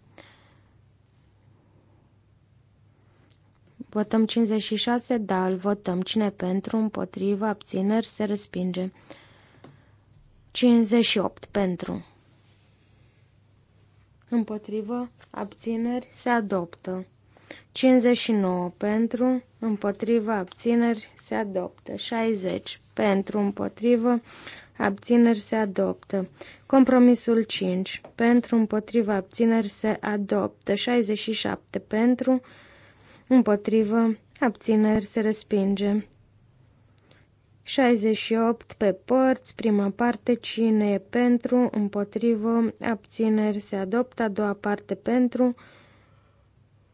Votăm 56, da, îl votăm. Cine pentru, împotrivă, abțineri se respinge. 58 pentru împotrivă, abțineri, se adoptă. 59 pentru, împotrivă, abțineri, se adoptă. 60 pentru, împotrivă, abțineri, se adoptă. Compromisul 5 pentru, împotrivă, abțineri, se adoptă. 67 pentru, împotrivă, abțineri, se respinge. 68 pe părți, prima parte, cine e pentru, împotrivă, abțineri se adoptă, a doua parte pentru,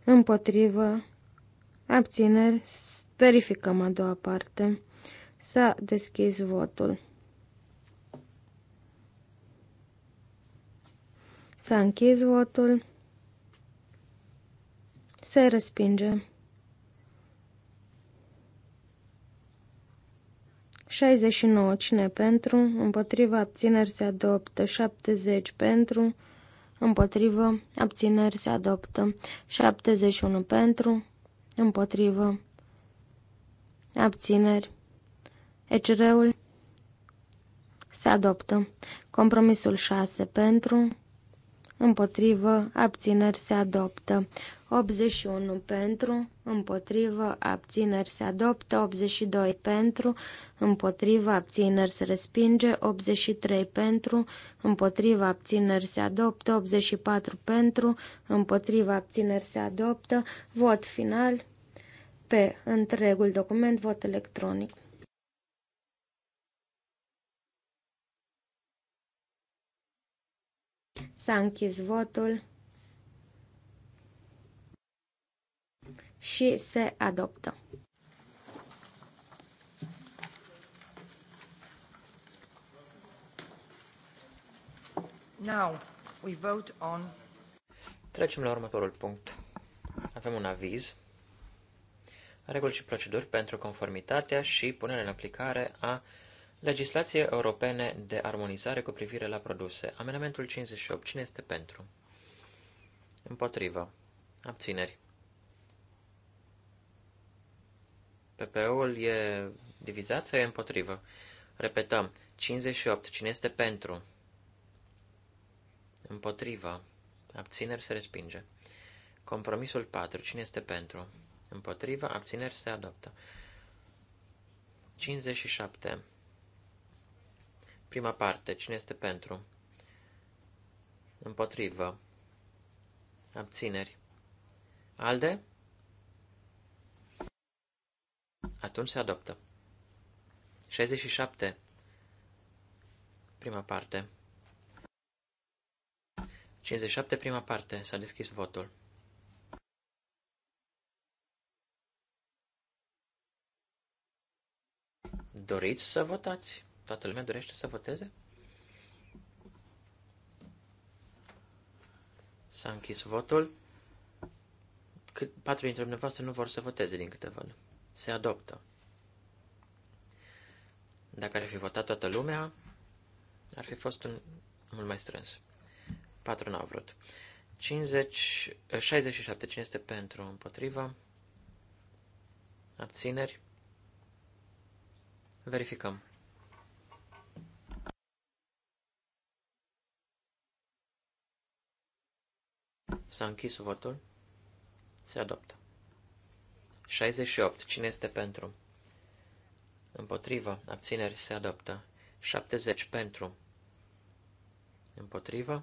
împotrivă, abțineri, verificăm a doua parte. S-a deschis votul. S-a închis votul. Se respinge. 69. Cine pentru? Împotriva abțineri se adoptă. 70 pentru. Împotrivă abțineri se adoptă. 71 pentru. Împotrivă abțineri. ECR-ul se adoptă. Compromisul 6 pentru împotrivă, abțineri se adoptă. 81 pentru, împotrivă, abțineri se adoptă, 82 pentru, împotrivă, abțineri se respinge, 83 pentru, împotrivă, abțineri se adoptă, 84 pentru, împotrivă, abțineri se adoptă, vot final pe întregul document, vot electronic. S-a închis votul și se adoptă. Now we vote on... Trecem la următorul punct. Avem un aviz, reguli și proceduri pentru conformitatea și punerea în aplicare a legislație europene de armonizare cu privire la produse. Amendamentul 58. Cine este pentru? Împotrivă. Abțineri. PP-ul e divizat sau e împotrivă? Repetăm. 58. Cine este pentru? Împotrivă. Abțineri se respinge. Compromisul 4. Cine este pentru? Împotrivă. Abțineri se adoptă. 57. Prima parte. Cine este pentru? Împotrivă. Abțineri. Alde? Atunci se adoptă. 67. Prima parte. 57. Prima parte. S-a deschis votul. Doriți să votați? Toată lumea dorește să voteze? S-a închis votul. Cât patru dintre dumneavoastră nu vor să voteze din câte văd. Se adoptă. Dacă ar fi votat toată lumea, ar fi fost un mult mai strâns. Patru n-au vrut. 50, 67, eh, cine este pentru, împotriva, abțineri, verificăm. S-a închis votul. Se adoptă. 68. Cine este pentru? Împotrivă. Abțineri. Se adoptă. 70. Pentru. Împotrivă.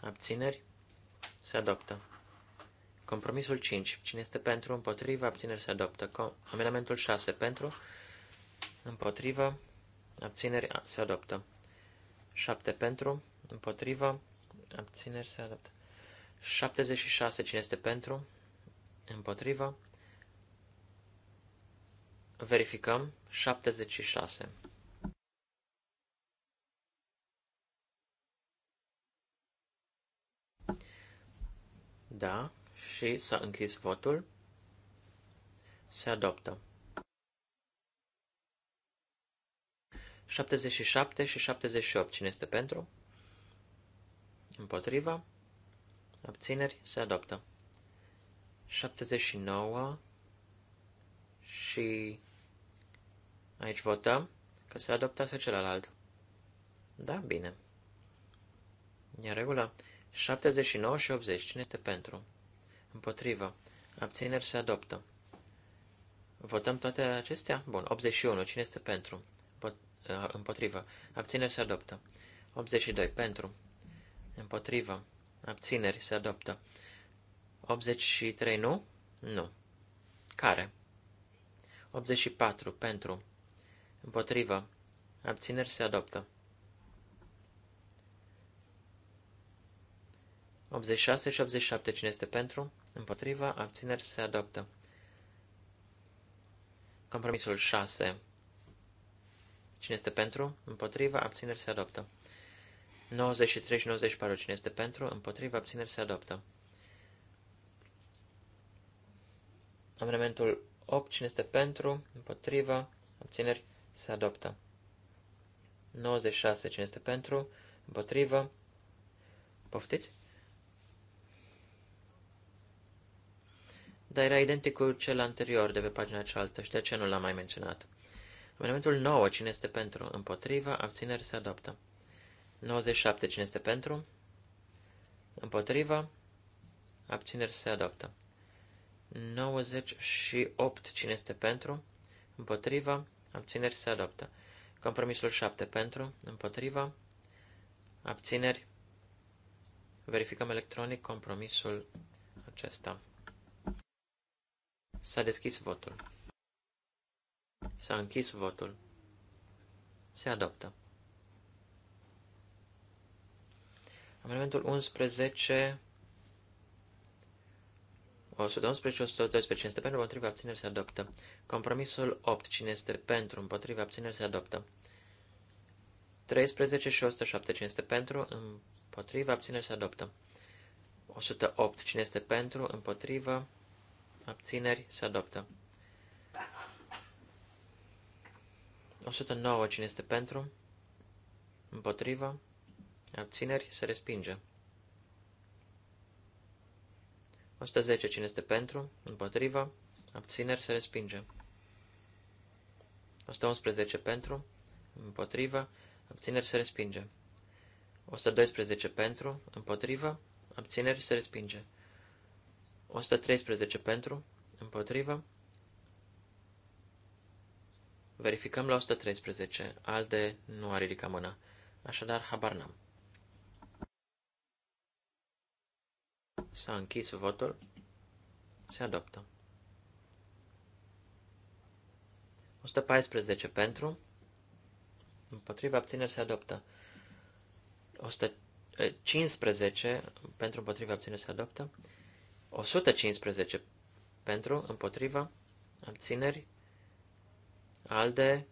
Abțineri. Se adoptă. Compromisul 5. Cine este pentru? Împotrivă. Abțineri. Se adoptă. Com amendamentul 6. Pentru. Împotrivă. Abțineri. Se adoptă. 7. Pentru. Împotrivă. Abțineri. Se adoptă. 76. Cine este pentru? Împotriva. Verificăm. 76. Da. Și s-a închis votul. Se adoptă. 77 și 78. Cine este pentru? Împotriva abțineri, se adoptă. 79 și aici votăm că se adoptase celălalt. Da, bine. E în regulă. 79 și 80. Cine este pentru? Împotrivă. Abțineri se adoptă. Votăm toate acestea? Bun. 81. Cine este pentru? Uh, împotrivă. Abțineri se adoptă. 82. Pentru. Împotrivă. Abțineri se adoptă. 83 nu? Nu. Care? 84 pentru. Împotrivă. Abțineri se adoptă. 86 și 87 cine este pentru? Împotriva, abțineri se adoptă. Compromisul 6. Cine este pentru? Împotriva, abțineri se adoptă. 93 și 94. Cine este pentru? Împotriva abțineri se adoptă. Amendamentul 8. Cine este pentru? Împotriva abțineri se adoptă. 96. Cine este pentru? Împotriva. Poftiți? Dar era identic cu cel anterior de pe pagina cealaltă și de ce nu l-am mai menționat. Amendamentul 9. Cine este pentru? Împotriva. Abțineri se adoptă. 97. Cine este pentru? Împotriva? Abțineri se adoptă. 98. Cine este pentru? Împotriva? Abțineri se adoptă. Compromisul 7. Pentru? Împotriva? Abțineri? Verificăm electronic compromisul acesta. S-a deschis votul. S-a închis votul. Se adoptă. Amendamentul 11, 111, 112, este pentru, împotriva, abțineri, se adoptă. Compromisul 8, cine este pentru, împotriva, abțineri, se adoptă. 13 și 107, cine este pentru, împotriva, abțineri, se adoptă. 108, cine este pentru, împotriva, abțineri, se adoptă. 109, cine este pentru, împotriva, Abțineri se respinge. 110. Cine este pentru? Împotriva. Abțineri se respinge. 111 pentru, împotriva, abțineri se respinge. 112 pentru, împotriva, abțineri se respinge. 113 pentru, împotriva. Verificăm la 113. Alde nu a ridicat mâna. Așadar, habar n-am. S-a închis votul. Se adoptă. 114 pentru. Împotriva abțineri se adoptă. 115 pentru împotriva abțineri se adoptă. 115 pentru împotriva abțineri. Alde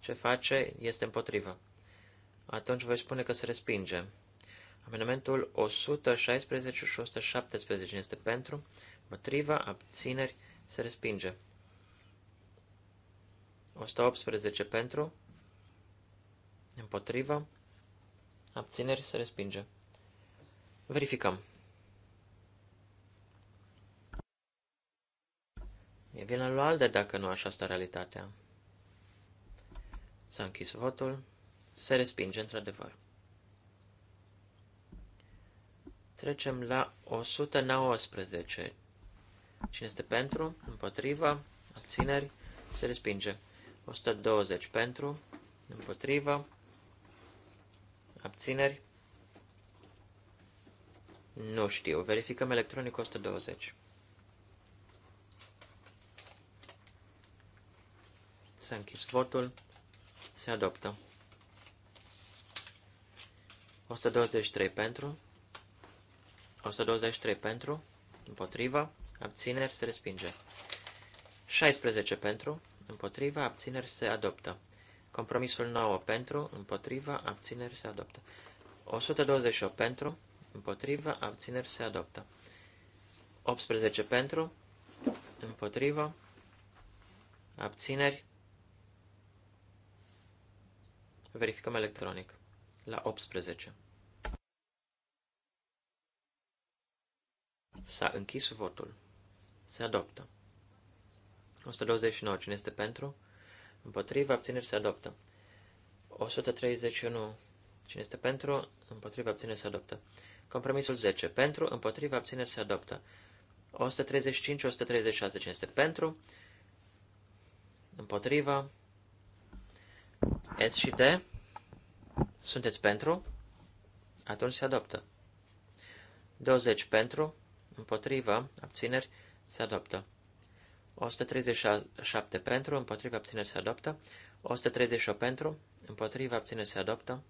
ce face este împotrivă. Atunci voi spune că se respinge. Amendamentul 116 și 117 este pentru, împotriva, abțineri, se respinge. 118 pentru, împotriva, abțineri, se respinge. Verificăm. E vina lui Alde dacă nu așa stă realitatea. S-a închis votul. Se respinge într-adevăr. Trecem la 119. Cine este pentru, împotriva, abțineri, se respinge. 120 pentru, împotriva, abțineri, nu știu. Verificăm electronic 120. S-a închis votul. Se adoptă. 123 pentru, 123 pentru, împotriva, abțineri se respinge. 16 pentru, împotriva, abțineri se adoptă. Compromisul 9 pentru, împotriva, abțineri se adoptă. 128 pentru, împotriva, abțineri se adoptă. 18 pentru, împotriva, abțineri, verificăm electronic, la 18. S-a închis votul. Se adoptă. 129. Cine este pentru? Împotriva abțineri se adoptă. 131. Cine este pentru? Împotriva abțineri se adoptă. Compromisul 10. Pentru, împotriva abțineri se adoptă. 135, 136. Cine este pentru? Împotriva. S și D. Sunteți pentru? Atunci se adoptă. 20 pentru, împotrivă, abțineri, se adoptă. 137 pentru, împotrivă, abțineri, se adoptă. 138 pentru, împotrivă, abțineri, se adoptă.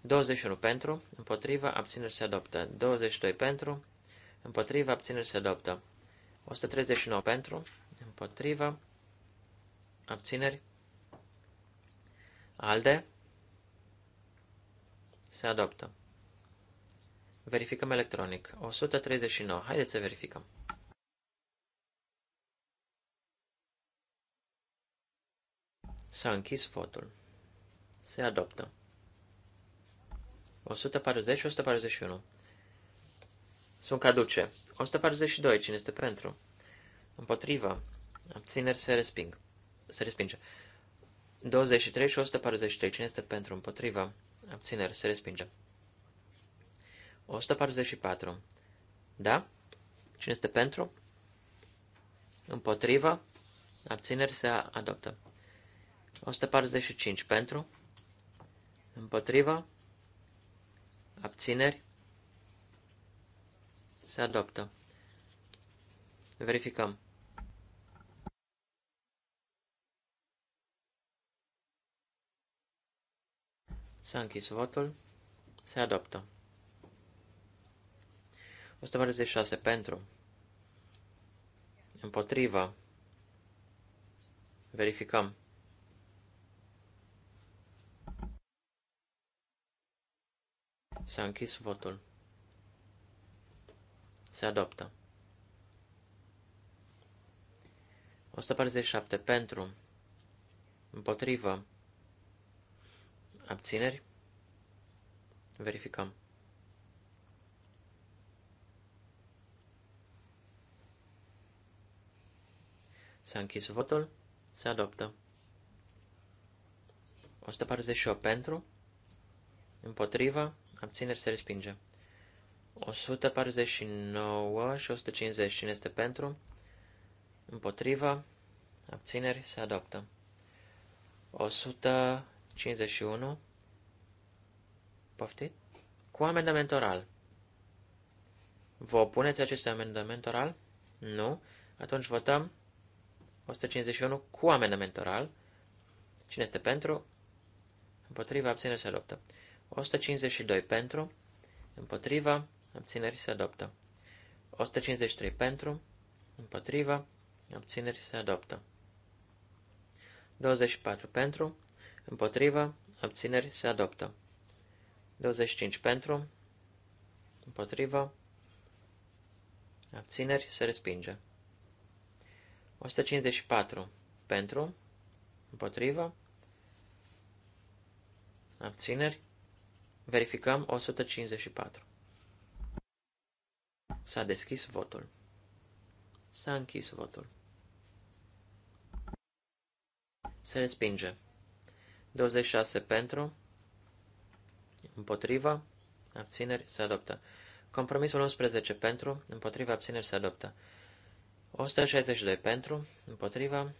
21 pentru, împotrivă, abțineri, se adoptă. 22 pentru, împotrivă, abțineri, se adoptă. 139 pentru, împotrivă, abțineri, alde, se adoptă. Verificăm electronic. 139. Haideți să verificăm. S-a închis votul. Se adoptă. 140 și 141. Sunt caduce. 142. Cine este pentru? Împotrivă. Abțineri se resping. Se respinge. 23 și 143. Cine este pentru? Împotrivă. Abțineri se respinge. 144. Da? Cine este pentru? Împotrivă? Abțineri se adoptă. 145 pentru, Împotrivă? abțineri, se adoptă. Verificăm. S-a închis votul, se adoptă. 146 pentru. Împotriva. Verificăm. S-a închis votul. Se adoptă. 147 pentru. Împotrivă. Abțineri. Verificăm. S-a închis votul. Se adoptă. 148 pentru. Împotriva. Abțineri se respinge. 149 și 150. Cine este pentru? Împotriva. Abțineri se adoptă. 151. Poftit? Cu amendament oral. Vă opuneți acest amendament oral? Nu. Atunci votăm 151 cu amendament oral. Cine este pentru? Împotriva abțineri se adoptă. 152 pentru. Împotriva abțineri se adoptă. 153 pentru. Împotriva abțineri se adoptă. 24 pentru. Împotriva abțineri se adoptă. 25 pentru. Împotriva abțineri se respinge. 154 pentru, împotrivă, abțineri, verificăm 154. S-a deschis votul. S-a închis votul. Se respinge. 26 pentru, împotriva, abțineri, se adoptă. Compromisul 11 pentru, împotriva, abțineri, se adoptă. 162 pentru, împotriva,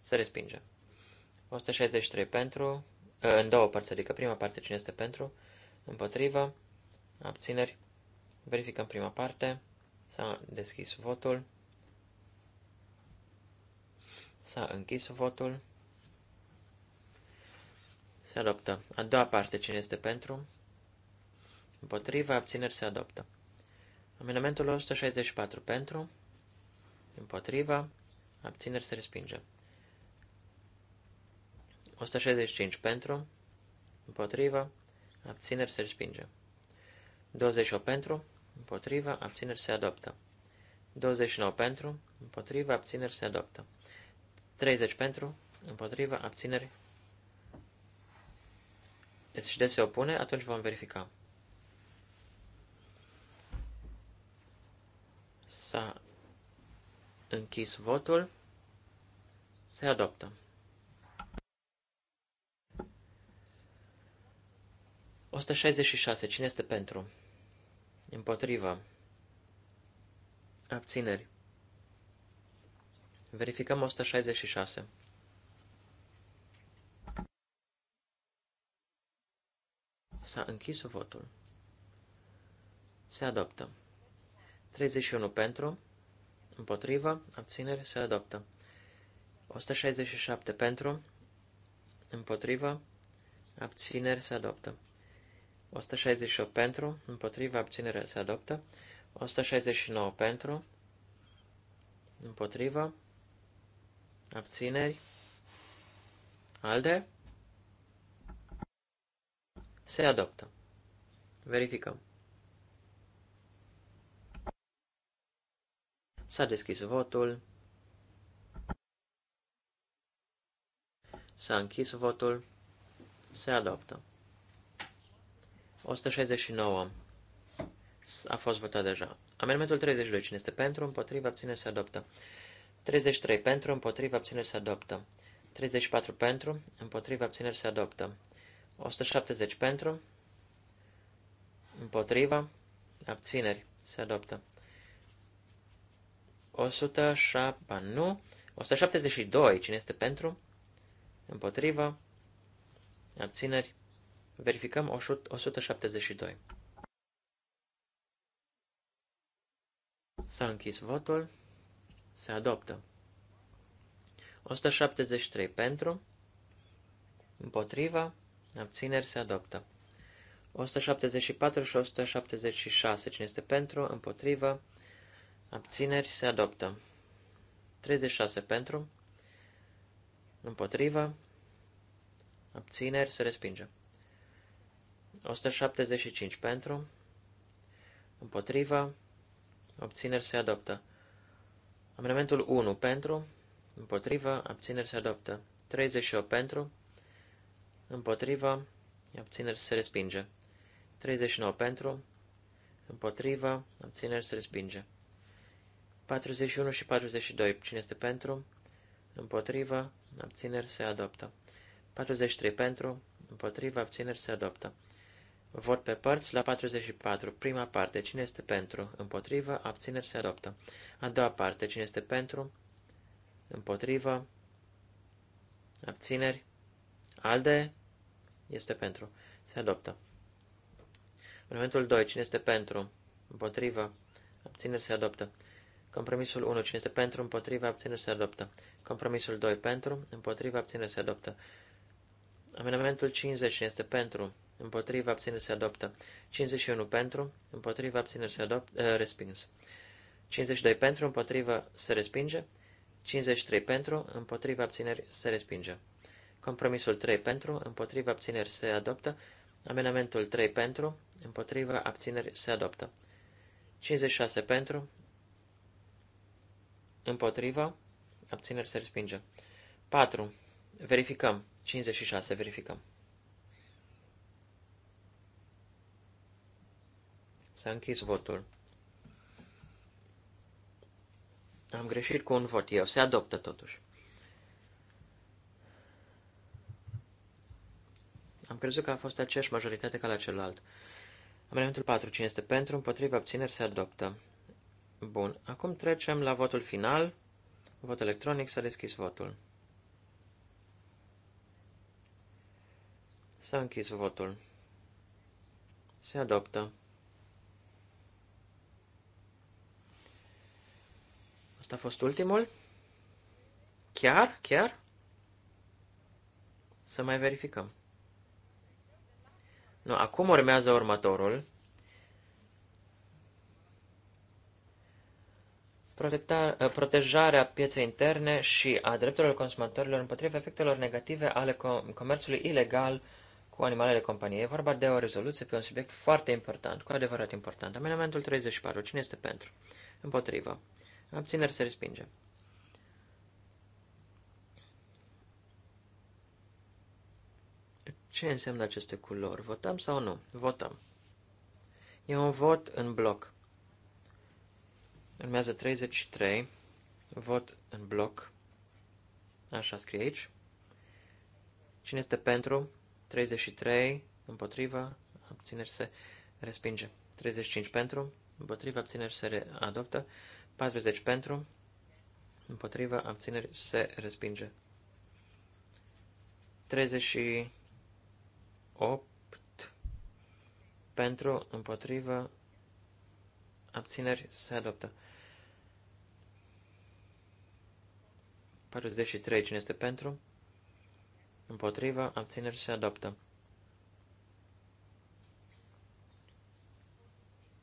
se respinge. 163 pentru, ă, în două părți, adică prima parte cine este pentru, împotriva, abțineri, verificăm prima parte, s-a deschis votul, s-a închis votul, se adoptă. A doua parte cine este pentru, împotriva, abțineri, se adoptă. Amendamentul 164 pentru, împotriva, abțineri se respinge. 165 pentru, împotriva, abțineri se respinge. 28 pentru, împotriva, abțineri se adoptă. 29 pentru, împotriva, abțineri se adoptă. 30 pentru, împotriva, abțineri. Deci de se opune, atunci vom verifica. S-a închis votul. Se adoptă. 166. Cine este pentru? Împotrivă. Abțineri. Verificăm 166. S-a închis votul. Se adoptă. 31 pentru, împotriva, abțineri, se adoptă. 167 pentru, împotriva, abțineri, se adoptă. 168 pentru, împotriva, abținere, se adoptă. 169 pentru, împotriva, abțineri, alde, se adoptă. Verificăm. S-a deschis votul. S-a închis votul. Se adoptă. 169. A fost votat deja. Amendamentul 32. Cine este pentru, împotriva, abține, se adoptă. 33. Pentru, împotriva, abține, se adoptă. 34. Pentru, împotriva, abține, se adoptă. 170. Pentru, împotriva, abțineri, se adoptă. 107, nu, 172, cine este pentru, împotriva, abțineri, verificăm 172. S-a închis votul, se adoptă. 173 pentru, împotriva, abțineri, se adoptă. 174 și 176, cine este pentru, împotriva, Abțineri se adoptă. 36 pentru. Împotriva. Abțineri se respinge. 175 pentru. Împotriva. Abțineri se adoptă. Amendamentul 1 pentru. Împotriva. Abțineri se adoptă. 38 pentru. Împotriva. Abțineri se respinge. 39 pentru. Împotriva. Abțineri se respinge. 41 și 42. Cine este pentru? Împotrivă. Abțineri se adoptă. 43 pentru. Împotrivă. Abțineri se adoptă. Vot pe părți la 44. Prima parte. Cine este pentru? Împotrivă. Abțineri se adoptă. A doua parte. Cine este pentru? Împotrivă. Abțineri. Alde. Este pentru. Se adoptă. În momentul 2. Cine este pentru? Împotrivă. Abțineri se adoptă. Compromisul 1. Cine este pentru, împotriva, abține, se adoptă. Compromisul 2. Pentru, împotriva, abține, se adoptă. Amendamentul 50. Cine este pentru, împotriva, abține, se adoptă. 51. Pentru, împotriva, abține, se adoptă, uh, respins. 52. Pentru, împotriva, se respinge. 53. Pentru, împotriva, abțineri, se respinge. Compromisul 3. Pentru, împotriva, abțineri, se adoptă. Amendamentul 3. Pentru, împotriva, abțineri, se adoptă. 56 pentru, Împotriva. Abțineri se respinge. 4. Verificăm. 56. Verificăm. S-a închis votul. Am greșit cu un vot eu. Se adoptă totuși. Am crezut că a fost aceeași majoritate ca la celălalt. Amendamentul 4. Cine este pentru, împotriva, abțineri, se adoptă. Bun, acum trecem la votul final. Vot electronic, s-a deschis votul. S-a închis votul. Se adoptă. Asta a fost ultimul? Chiar? Chiar? Să mai verificăm. Nu, acum urmează următorul. protejarea pieței interne și a drepturilor consumatorilor împotriva efectelor negative ale comerțului ilegal cu animalele companiei. E vorba de o rezoluție pe un subiect foarte important, cu adevărat important. Amendamentul 34. Cine este pentru? Împotrivă. Abțineri se respinge. Ce înseamnă aceste culori? Votăm sau nu? Votăm. E un vot în bloc. Urmează 33, vot în bloc, așa scrie aici. Cine este pentru? 33, împotriva, abțineri se respinge. 35 pentru, împotriva, abțineri se adoptă. 40 pentru, împotriva, abțineri se respinge. 38 pentru, împotriva, abțineri se adoptă. 43. Cine este pentru? Împotriva, abțineri se adoptă.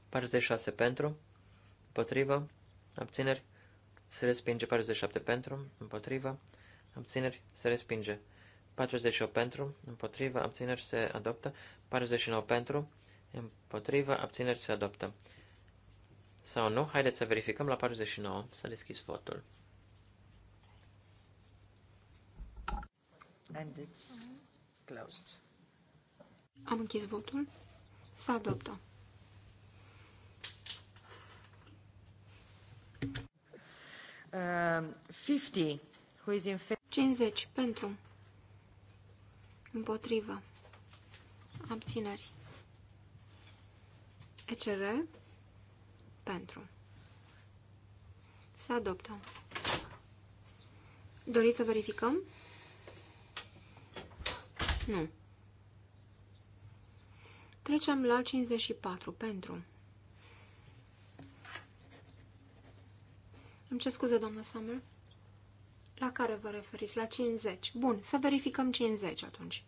46 pentru, Împotriva. abțineri, se respinge. 47 pentru, Împotriva. abțineri, se respinge. 48 pentru, Împotriva. abțineri, se adoptă. 49 pentru, Împotriva. abțineri, se adoptă. Sau nu? Haideți să verificăm la 49. S-a deschis votul. And it's closed. Am închis votul. Se adoptă. Uh, 50. 50 pentru. Împotrivă. Abțineri. ECR pentru. Se adoptă. Doriți să verificăm? Nu. Trecem la 54. Pentru. Îmi ce scuze, doamnă Summer? La care vă referiți? La 50. Bun, să verificăm 50 atunci.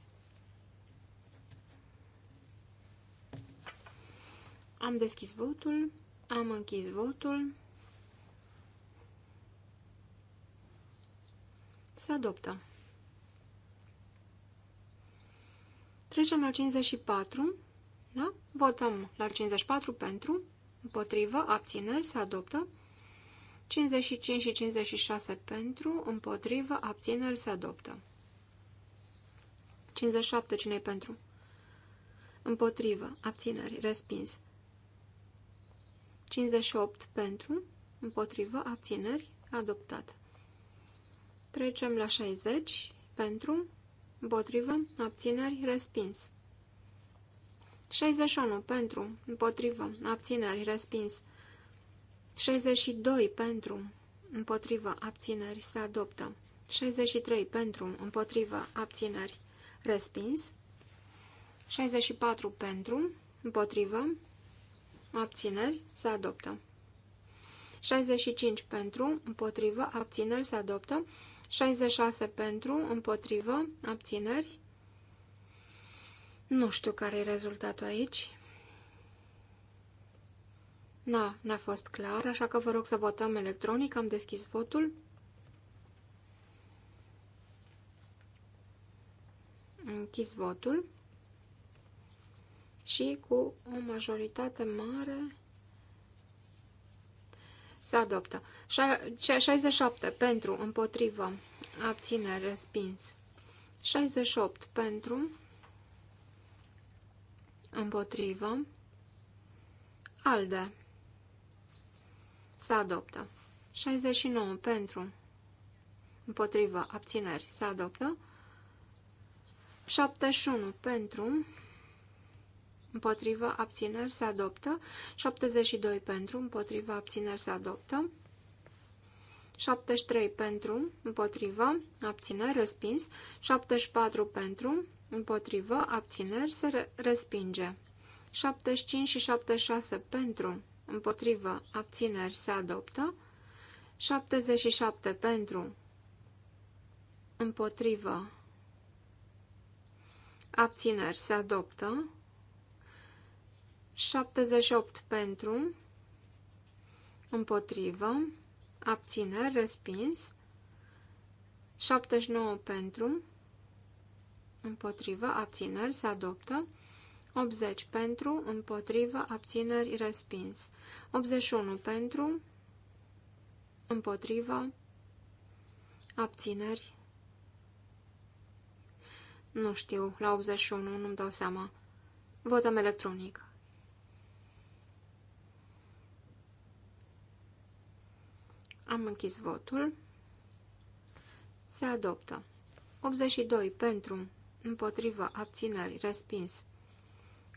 Am deschis votul, am închis votul. Se adoptă. Trecem la 54. Da? Votăm la 54 pentru, împotrivă, abțineri, se adoptă. 55 și 56 pentru, împotrivă, abțineri, se adoptă. 57 cine pentru? Împotrivă, abțineri, respins. 58 pentru, împotrivă, abțineri, adoptat. Trecem la 60 pentru, împotrivă, abțineri, respins. 61 pentru, împotrivă, abțineri, respins. 62 pentru, împotrivă, abțineri, se adoptă. 63 pentru, împotrivă, abțineri, respins. 64 pentru, împotrivă, abțineri, se adoptă. 65 pentru, împotrivă, abțineri, se adoptă. 66 pentru, împotrivă, abțineri. Nu știu care e rezultatul aici. Na, n-a fost clar, așa că vă rog să votăm electronic. Am deschis votul. Închis votul. Și cu o majoritate mare se adoptă. 67 pentru, împotrivă, abține, respins. 68 pentru, împotrivă, alde. Se adoptă. 69 pentru, împotrivă, abțineri, se adoptă. 71 pentru, împotrivă, abțineri se adoptă, 72 pentru, împotrivă, abțineri se adoptă, 73 pentru, împotrivă, abțineri, respins, 74 pentru, împotrivă, abțineri, se respinge, 75 și 76 pentru, împotrivă, abțineri, se adoptă, 77 pentru, împotrivă, abțineri, se adoptă, 78 pentru, împotrivă, abțineri, respins. 79 pentru, împotrivă, abțineri, se adoptă. 80 pentru, împotrivă, abțineri, respins. 81 pentru, împotrivă, abțineri. Nu știu, la 81 nu-mi dau seama. Votăm electronic. Am închis votul. Se adoptă. 82 pentru, împotrivă, abțineri, respins.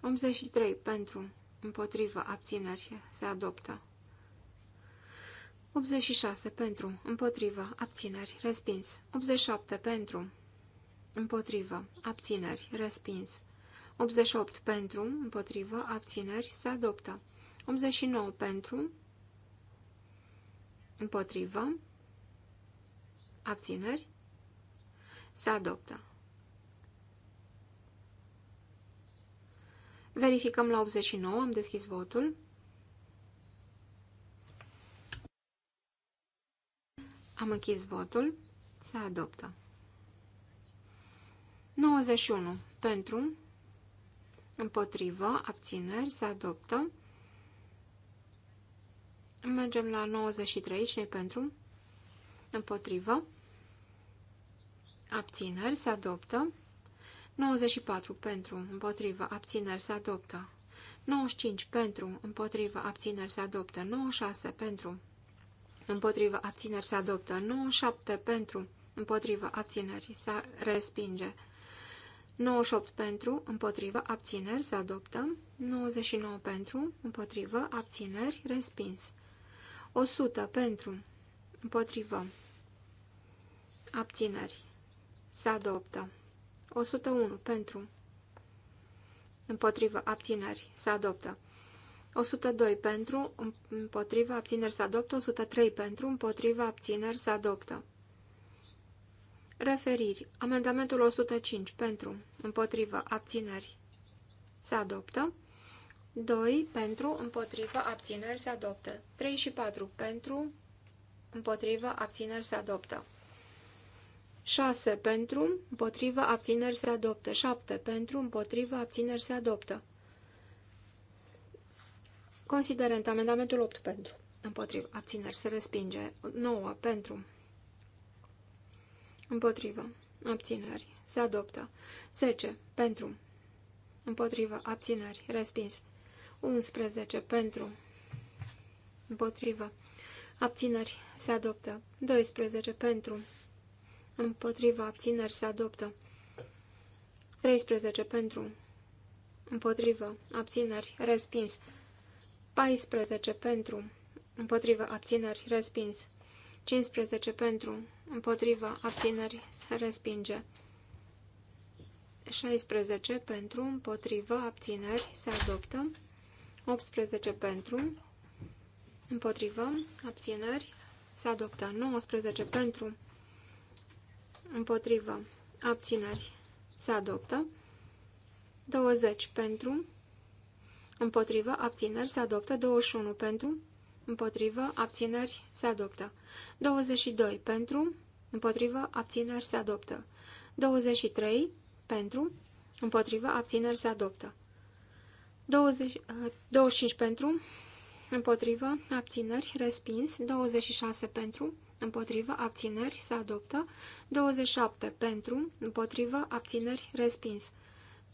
83 pentru, împotrivă, abțineri, se adoptă. 86 pentru, împotrivă, abțineri, respins. 87 pentru, împotrivă, abțineri, respins. 88 pentru, împotrivă, abțineri, se adoptă. 89 pentru, Împotrivă. Abțineri. Se adoptă. Verificăm la 89. Am deschis votul. Am închis votul. Se adoptă. 91. Pentru. Împotrivă. Abțineri. Se adoptă. Mergem la 93 și pentru, împotrivă, abțineri, se adoptă. 94 pentru, împotrivă, abțineri, se adoptă. 95 pentru, împotrivă, abțineri, se adoptă. 96 pentru, împotrivă, abțineri, se adoptă. 97 pentru, împotrivă, abțineri, se respinge. 98 pentru, împotrivă, abțineri, se adoptă. 99 pentru, împotrivă, abțineri, respins. 100 pentru, împotrivă, abțineri, se adoptă. 101 pentru, împotrivă, abțineri, se adoptă. 102 pentru, Împotrivă. abțineri se adoptă, 103 pentru, Împotrivă. abțineri se adoptă. Referiri. Amendamentul 105 pentru, Împotrivă. abțineri se adoptă. 2 pentru, împotrivă, abțineri se adoptă. 3 și 4 pentru, împotrivă, abțineri se adoptă. 6 pentru, împotrivă, abțineri se adoptă. 7 pentru, împotrivă, abțineri se adoptă. Considerent amendamentul 8 pentru, împotrivă, abțineri se respinge. 9 pentru, împotrivă, abțineri se adoptă. 10 pentru, împotrivă, abțineri, respins. 11 pentru, împotrivă, abțineri se adoptă. 12 pentru, împotrivă, abțineri se adoptă. 13 pentru, împotrivă, abțineri, respins. 14 pentru, împotrivă, abțineri, respins. 15 pentru, Împotrivă. abțineri, se respinge. 16 pentru, Împotrivă. abțineri, se adoptă. 18 pentru, împotrivă, abțineri, se adoptă. 19 pentru, împotrivă, abțineri, se adoptă. 20 pentru, împotrivă, abțineri, se adoptă. 21 pentru, împotrivă, abțineri, se adoptă. 22 pentru, împotrivă, abțineri, se adoptă. 23 pentru, împotrivă, abțineri, se adoptă. 20, 25 pentru, împotrivă, abțineri, respins, 26 pentru, împotrivă, abțineri, se adoptă, 27 pentru, împotrivă, abțineri, respins,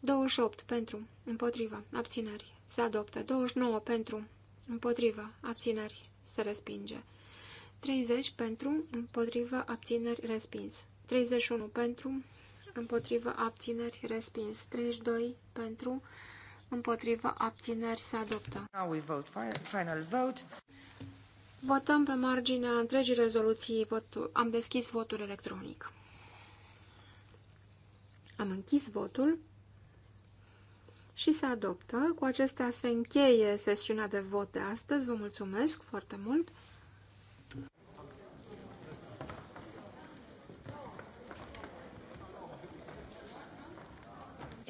28 pentru, împotrivă, abțineri, se adoptă, 29 pentru, împotrivă, abțineri, se respinge, 30 pentru, împotrivă, abțineri, respins, 31 pentru, împotrivă, abțineri, respins, 32 pentru, Împotriva abțineri se adoptă. Now we vote final vote. Votăm pe marginea întregii rezoluții. Votul. Am deschis votul electronic. Am închis votul și se adoptă. Cu acestea se încheie sesiunea de vot de astăzi. Vă mulțumesc foarte mult!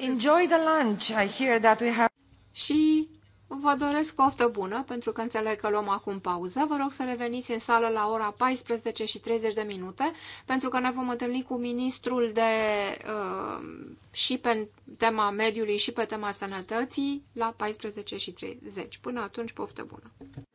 Enjoy the lunch. I hear that we have... Și vă doresc poftă bună, pentru că înțeleg că luăm acum pauză. Vă rog să reveniți în sală la ora 14 și 30 de minute, pentru că ne vom întâlni cu ministrul de uh, și pe tema mediului și pe tema sănătății la 14 și 30. Până atunci, poftă bună!